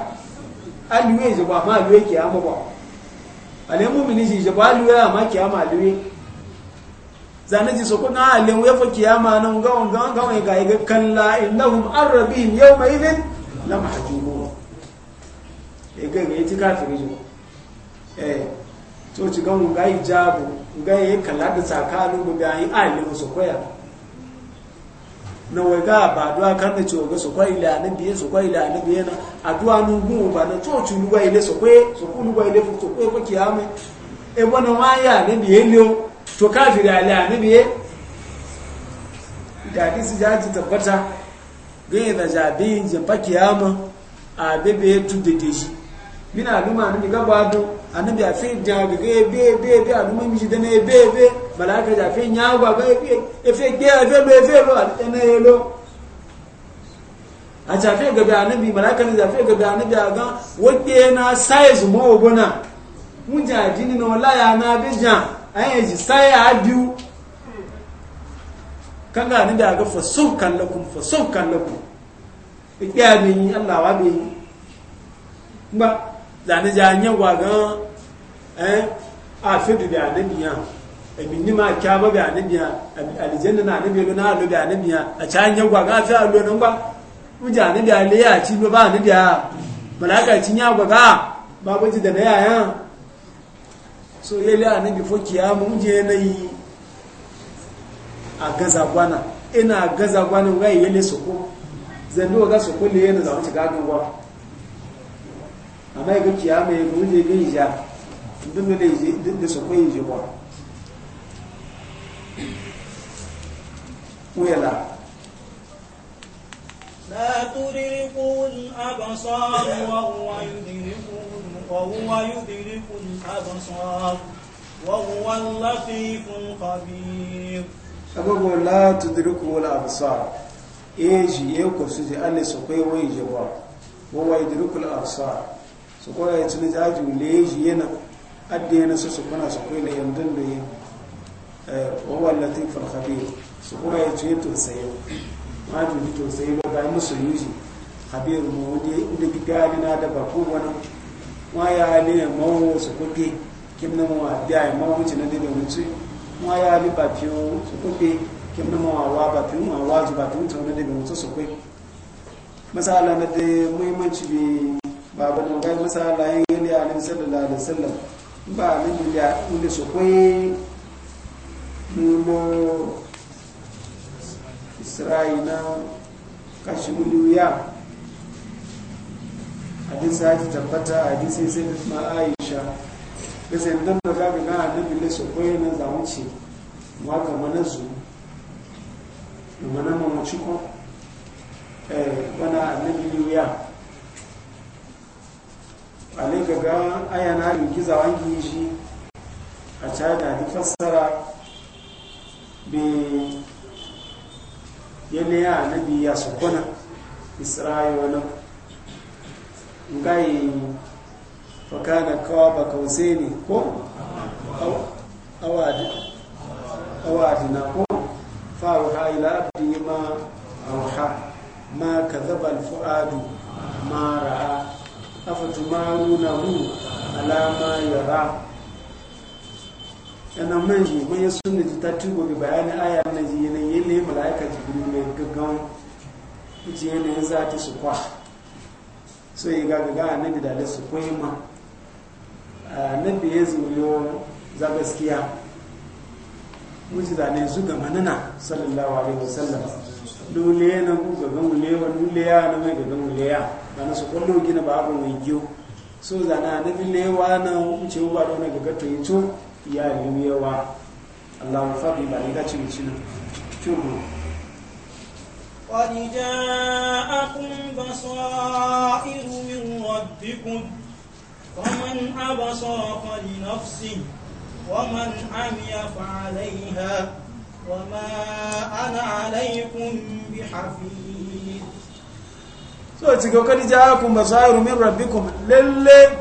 aliwe jaba ma aliwe ke amma ba alemu mini ji je balu ya ma kiyama zane ji soko na alemu ya fa kiyama na ga ga ga wai ga ga la innahum arabin yawma idin la mahjubu e ga ga yiti ga jo eh to ci ga ga ijabu ga yi kala da tsakanin ga ga yi alemu ya. na waga ba duwa kan da cewa ga su kwa ila na biye su kwa ila na biye na a duwa nun gun ba na coci lugwa ile su kwe su ku lugwa ile su kwe kwa kiyame e bona wa ya na biye ne to kafiri ala na biye da disi ja ji tabbata ga yana jabin jin fa kiyama a bebe tu da shi mina aluma ni mi gaba do anabi afi jaga ge ebe be be aluma mi jide ne be be malaka ja fi nyagwa ge be efe ge efe lo efe lo atene elo aja fi gabe anabi malaka ni ja fi gabe anabi aga wote na size mo obona munja jini no la ya na beja ayi ji sai adiu kanga anabi aga fa sukan lakum fa ikpe abin Allah wa bin ba zane ja nye wa gan eh a fi du bi anabi ya ebi ni ma kya ba bi anabi ya alijanna na anabi lo na lo bi anabi ya a cha nye wa gan fi a lo nan ba mu ja anabi ya le ya ci lo ba anabi ya malaka ci nya wa ga ba ba ji da na ya ya so yele anabi fo kiyamu je na yi a gaza gwana ina e gaza gwana ga yele soko zando ga soko le na za mu ci gagan gwa amma ya gaci ya mai ga wuce gai ja dinna da yi dinna su kwaye ji ba kuyala la turiqul abasar wa huwa yudrikul wa yudrikul abasar wa huwa latiful khabir sababu la tudrikul abasar eji yau ko su ji alisa kwaye wa yi jawa wa yudrikul abasar su koya ya tuni jaji ya ji yana adde yana su su kuna su koyi layan da yin eh, wawan latin farhabe su koya ya cini tosayi ma tuni tosayi ba ba musu yi ji. habir mu wani inda gani na da bako wani ma ya ne mawo su kuke kim na mawa biya mawa wuce na dade wuce ma ya li ba fiyo su kuke kim na mawa wa ba fiyo mawa ji ba fiyo ta wani dade wuce su kuke masala na da muhimmanci bi baba da kai masa layin ya alim sallallahu da wasallam ba abin da inda su kwai nuno isra'ila kashi miliya hadisi ya tabbata hadisi sai ma aisha da sai dan da gaga ga annabi ne su kwai na zamuci wa ga manazu da manama mu ciko eh wana annabi yuya ale gaga aya na giza wangi shi a cada da fassara bi yanayi a nabi ya sokona isra'ila ngai fakana kawaba ne ko awa awadi na ko fa'uha ila abdi ma auha ma ka zaba alfu'adu ma ra'a afatumanunahu alama yara yana manji mun yi sunna ji ta tubo bi bayanin aya na ji yana yi ne mala'ika jibril mai gaggawan ji yana yin ta su kwa so yi gagaga annabi da su koyi ma annabi ya zuyo za gaskiya muji da ne zuga manana sallallahu alaihi wasallam dole na ku gagan wulewa dole ya na mai gagan wulewa zana su kwallo gina ba abu mai giyo so zana na bilewa na wuce ba da wani gaga tun to ya yi yawa Allah mu faɗi ba ni ga cin cin cubu قد أبصر فلنفسه ومن عمي فعليها وما أنا عليكم بحفيظ so ti ga kadi ja ku basairu min rabbikum lalle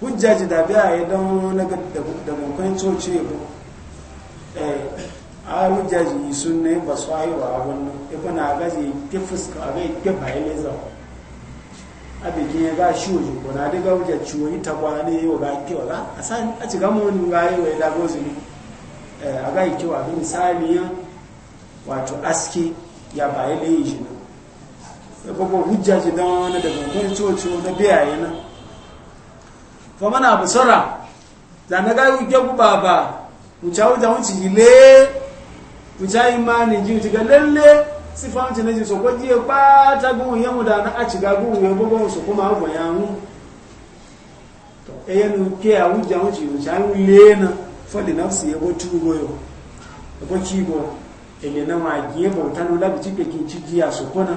hujjaji da biya ya dan na ga da eh, mun coci ba eh a hujjaji sun ne basairu a wannan ibn agaji ke fuska abai ke bayle za a bikin ya ga shi ojo ko na daga hujja ciwoyi ta kwane yo ga ke ga a san a ci ga ni ga yau da gozi zuni eh a ga bin misali wato aski ya bayle yi shi ya kwakwa hujja ji don wani daga kun coci na biyaye nan fa mana busara da na ga yi gyagu ba wuce wuce wuce ile wuce yi ma ne ji wuce ga lalle sifa wuce na ji so kwaji ya kwata gun ya mu da na a ci gagu ya gbogbo su kuma abu ya mu to ɗaya e ne ke a hujja wuce wuce an wule na fali nafsi ya gwatu goyo ya kwaci go ele na ma giye bautan lulabi cikin cikin jiya su kuna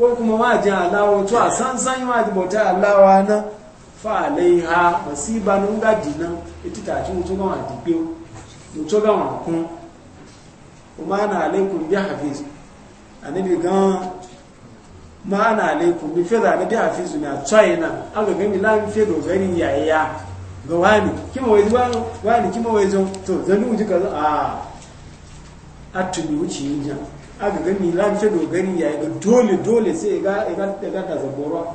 ko kuma wajen alawo to a san san wajen bauta alawa na falai ha masiba nun gaji nan ita ta ci mutu gama dubbe mutu gama kun kuma na alaikun bi hafiz annabi gan ma na alaikun bi feda na bi hafiz na tsaye na aga gani la mi fedo gari yaya ga wani kima wai wani wani kima wai zo to zanu ji kaza a atumi wuci yin jama'a aka gani lamshe dogani ya ga dole dole sai ga ga ta zaborwa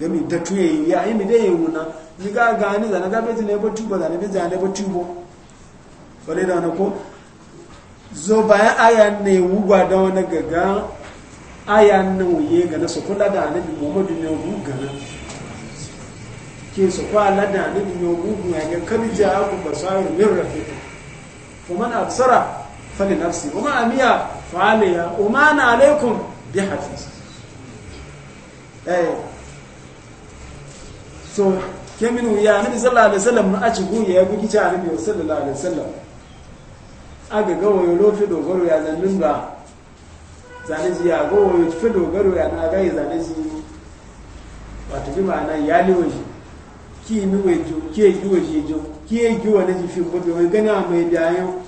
gami ta tuye ya yi mi yi wuna ni ga gani zane ga beti ne ba tubo zane beti zana ba tubo bare da na ko zo bayan aya ne wugwa da wani gaga aya na wuye gana na su kula da annabi Muhammadu ne wu gana ke su kula da annabi ne wuga ga kalija ku basaru min rafiq kuma na absara fali nafsi wa ma amiya fa aliya wa ma na alaikum bi hafiz eh so kemin ya nabi sallallahu alaihi wasallam na aci gu ya gugi ta nabi sallallahu alaihi wasallam aga ga wayo lofi dogaro ya zallin ba zane ji ya ga wayo fi dogaro ya na ga zane ji wato bi ma'ana ya liwaji ki mi wajo ki yi waje jo ki yi wani ji fi gobe wai gani a mai da yau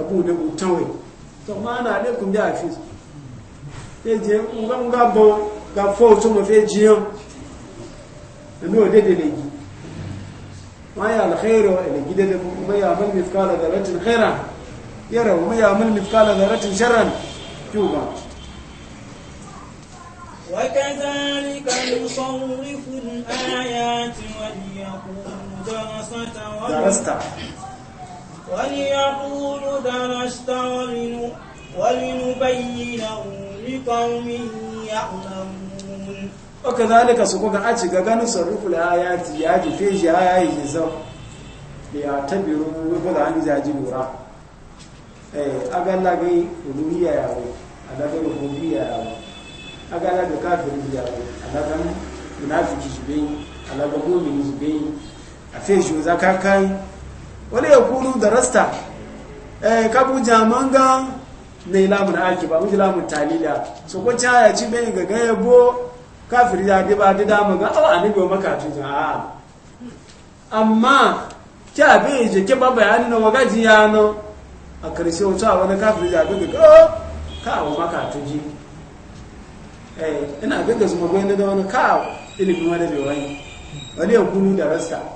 abu da butan wai to ma na alaikum ya hafiz te je nga nga bo ga fo so mo fe jiyan no de de legi ma ya alkhairu ila e gidade ma ya amal mithqala dharratin khairan yara ma ya amal mithqala dharratin sharran tuba وكذلك نصرف الآيات وليقولوا درست وليقول درست ولنبينه لقوم يعلمون وكذلك سوكو كاجي غاغان صرف الايات يا جفيش يا يزو ya tabiru buga an jaji gura eh agalla ga uluhiya ya ko adaba rububiya ya ko agalla ga kafiri ya ko adaba munafiki shibe alaba gumi shibe a fe shi za ka kai wani ya kulu da rasta eh kabu jamanga ne lamun aki ba muji lamun talila so ko cha ya ci bai ga ga yabo kafiri ya ga ba da maga awa annabi wa maka tun a amma kya bai je ke ba bayani na waga ji ya yano a karshe wata wani kafiri ya ga ga oh, ka wa maka tun ji eh ina ga ga su magwai da wani ka ilimin wani bai wani wani ya kulu da rasta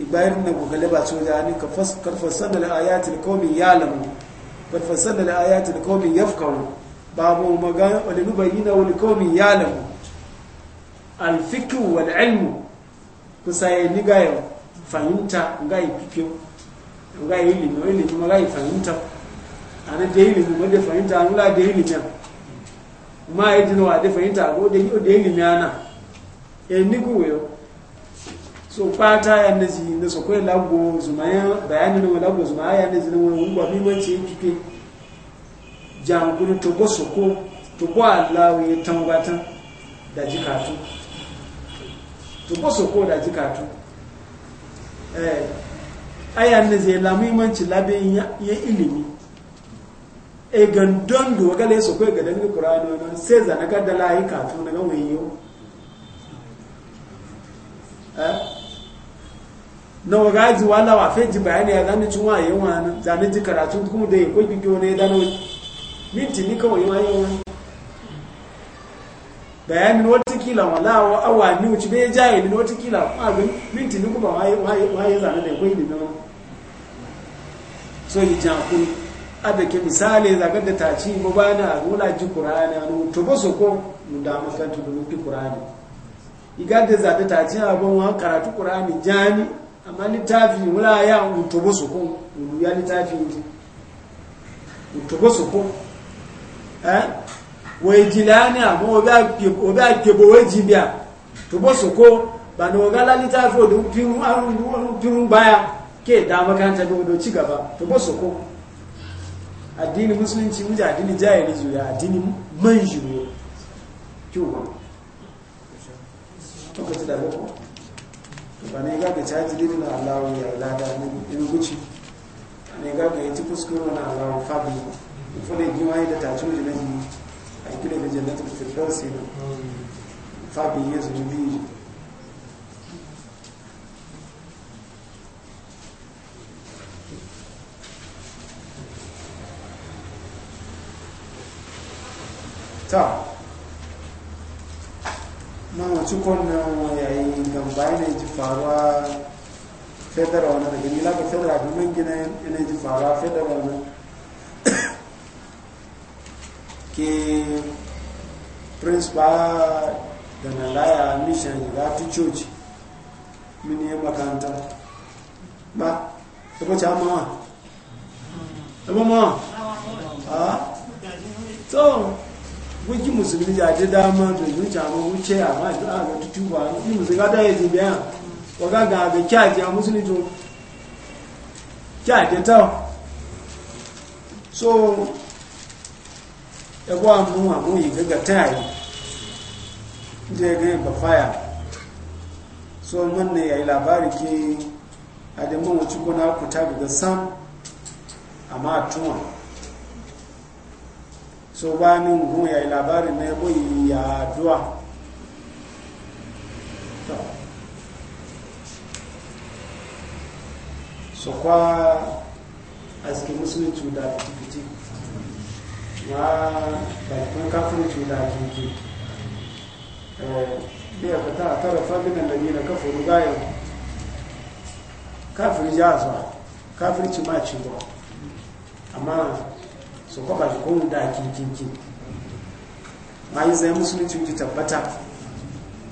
ibayin na gugale ba su wajen ka karfasar da ayatul komin ya lamu karfasar da ayatul komin ya fukaru mu magana wani nubayi na wani komin ya lamu alfikin wani ilmu kusa ya ni ga fahimta ga yi fikin ga yi ilimi ilimi kuma ga yi fahimta a nan da ilimi ma da fahimta an la da ilimi ma ya jinawa da fahimta ko da yi ilimi ana ya e ni guwe so fata ya nazi na so kai lago zumaya bayanin na lago zumaya ya nazi na wani gwa mimanci kike jankuri to go soko to go Allah ya tambata da jikatu to go soko da jikatu eh aya nazi la mimanci labe ya ilimi e gandon do gale so kai ga dan Qur'ani na sai zanaka da laika to na ga wayo eh na wagaji wala wa feji bayani ya zane cin waye na zane ji karatu kuma da ya kwa gigiyo ne dano minti ni kawai waye Bayani bayanin watakila wala wa awa ni wuce bai jaye ni watakila abin minti ni kuma waye zane da ya kwa gigiyo ne so yi jan kuri ada ke misali zagar da taci ba ba na rula ji kurani a to ba ko mu da makaranta da mutu kurani igar da zaɗa taci abin wa karatu kurani jani amma littafi wula ya mutubu su kun wulu ya littafi ne mutubu su kun eh wai jilani amma obi akebo wai jibiya tubo su ko ba na ogala littafi baya ke da makaranta da wadda ci gaba tubo su ko addini musulunci wuce addini jayari juya addini man juyo kyau ba bane ga ga caji dini na allahu ya lada ni in guci ne ga ga yaci kuskuru na allahu fabi fule giwaye da tacu da nan a kire da jannatul firdausi na fabi ya zubi ta nan wacce kwanan yayin gamba yana ji faruwa federal na daga nila ga federal domin gina yana ji faruwa federal na ke principal da na laya mission da ta coci mini ya makanta ba ebe ci amawa ebe mawa a ah, so wiki musulmi ya je dama domin jami wuce a ma a ga tutu ba ni musulmi ga da yaji biya wa ga ga ga kya je musulmi to kya je ta so ebo amu amu yi ga ta yi je ga ba faya so mun ne yayi labari ke a da mun wuce kuna ku ta ga sam amma tuwa so ba min gun ya yi labarin na yabo yi duwa so kwa musulun musulunci da fiti-fiti ma kafin kafirci da kinki biya ka a tara faginan da nina kafiru bayan Kafin ja zuwa kafirci ma ba amma su kwa bashi ko da kinkinki ma yi zai musulunci ji tabbata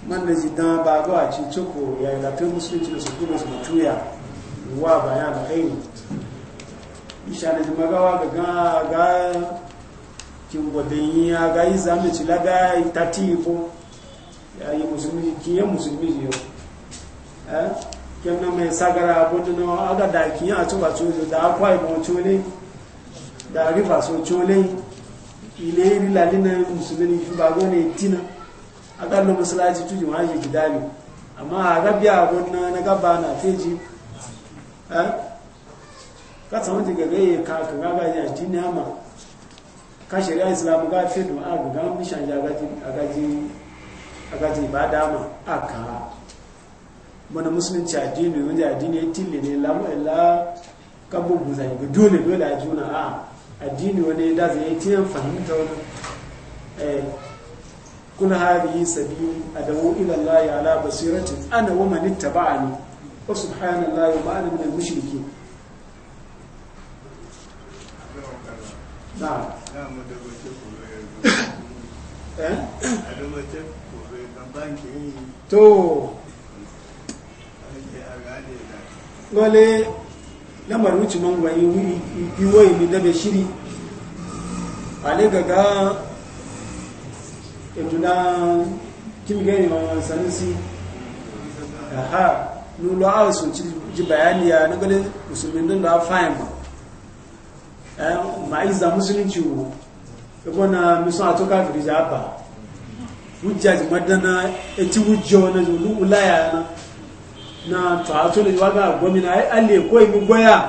man da ji dan ba ga ci cikin ya yi lafiyar musulunci da su kuma su mutuya wa bayan da kai isha da jimagawa ga ga kin gwadon ya ga yi zami ci laga ta tifo ya yi musulunci kiyan musulmi ne yau eh? kemgbe mai sagara abu da na aga da kiyan a cikin da akwai mawacin ne da rifa so cole ile iri lalina musulmi fi bago ne tina a kallon masalaci tuji ma ake gidali amma a gabi abun na na gaba na feji ka samu daga gaye ka ka gaga ya ji nama ka shari'a islamu ga fi don a ga gamun shanja a gaji ba dama a ka mana musulunci addini wanda addini ya tille ne lamu ila kabubu zai ga dole dole a juna a addini wani da zai yi tiyan fahimta wani kun hadihi sabili adawu ila Allah ala basiratin ana wa man ittaba'ani wa subhanallahi wa ma'ana min al-mushrikeen na'am to wale lamar wuce man gwa iwo yi da bai shiri a ne gaga ƙetuna kim gani ma sanisi aha nulo a sun ci ji bayani ya na gani musulmin don da fayin ba ma'iza eh, musulunci wo ebo na misan atoka firija ba wujja ji madana eti wujjo na zulu ulaya na na tsato da waga gwamina ai alle koyi ibi goya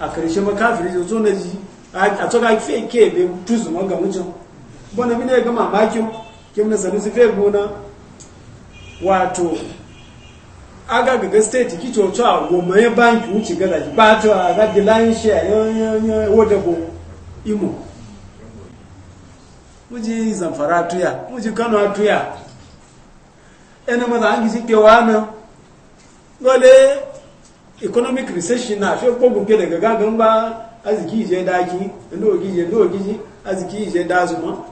a karshe makafiri zo na ji a to ga ke be tuzu ma ga mutum bona mine ga mamakin kim na sanu su fe gona wato aga ga ga state ki to to a goma banki wuce ga daji ba to a ga dilan shi yo yo yo woda go imo muji zamfara tuya muji kano tuya ene maza an gishi kewana lole economic recession na fi gbogun ke daga gagan ba aziki je daki ndo gije ndo gije aziki je dazu mo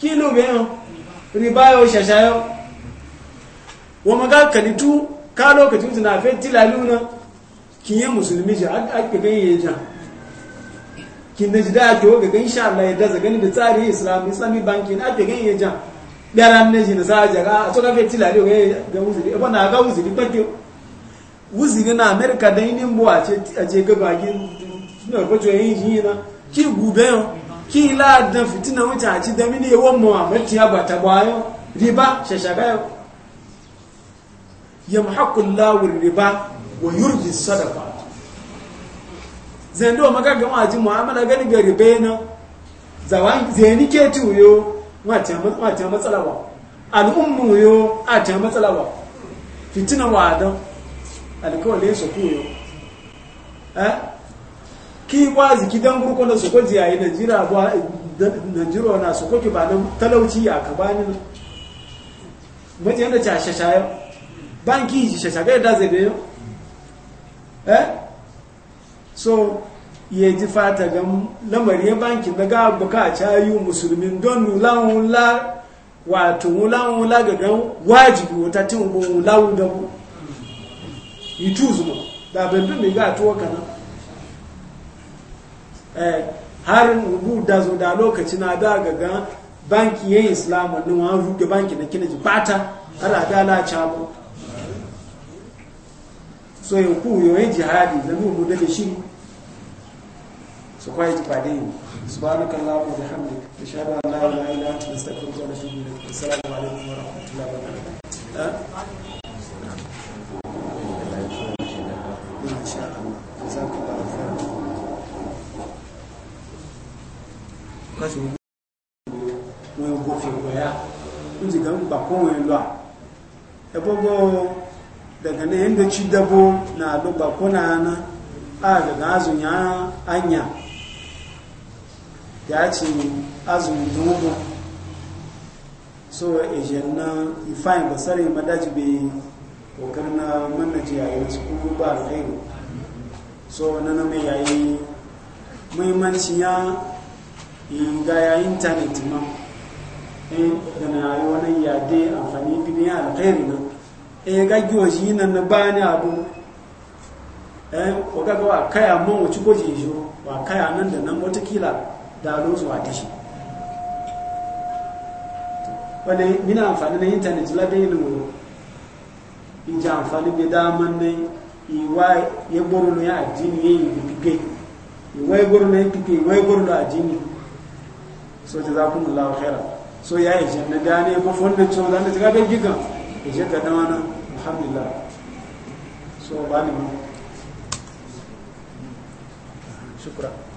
kilo be yo riba yau shasha yo wo maga kanitu ka lokacin su na fi tilaluna kiye musulmi je ake ganye jan kin da ji da ake wo ga insha Allah ya daza zagani da tsari islami islami banki na ake ganye jan. biara nne jini saa jaga atoka fe tila leo ye ga wuziri ebo na ga wuziri pakyo wuziri na america da ini mbo ache ache ga gi no ko jo yin na ki gube yo ki la dan fitina won cha chi dami ni ewo mo amati abata ba yo riba shashaga Ya yamhaqu llahu riba wa yurji sadaqa zendo maka ga ma ji muamala gani ga ribe na zawan zeni ke tuyo wata matsala ba al'ummu yo a ta matsala ba fitina wa don alkawalin su kuyo eh ki kwazi ki dan gurko da su kwaji yayi Najira ba Najiro na su kwaki ba don talauci ya ka bani mace yadda ta shashayo banki shashaga da zai da eh so ya ji fata ga lamari ya banki daga buka a cayu musulmin don nula-nula wato nula-nula ga gan wajibi wata tin nula-nula da mu yi tuzu ma. da bandun mai ga tuwa kana eh, har rubu da zo da lokaci na da ga gan banki ya yi islamu ne wa ruge banki na kina ji bata har a dala cabo so yanku yoyin jihadi zami mu da shi su kwaye ji fade yi subhanaka allahumma bihamdika ashhadu da la da alaikum wa rahmatullahi wa fi ń ti gan gbà kó lọ daga na yin da ci dabo na lọgbà na ana a daga azun anya ya ce azumi dubu so ejen na ifayin basarai madaji bai kokar na manaji yayi wasu kuma ba alkhairu so na na mai yayi muhimmanci ya ga ya intanet ma eh da na yi wani yade amfani bibin ya alkhairu na eh ga gyoji na na bani abu eh ko ga wa kaya mun wuci goje shi wa kaya nan da nan watakila dalo zuwa tashi wanda mina amfani na intanet labin ilimin in ji amfani bai daman na iwa ya gboro na ya addini ya yi pipipe iwa ya gboro na ya pipe iwa ya gboro a jini so ta za kuma lawa khaira so ya yi jan na gane ko fondin so za ta gabe gigan ya je ka dama na alhamdulillah so ba ni mu shukura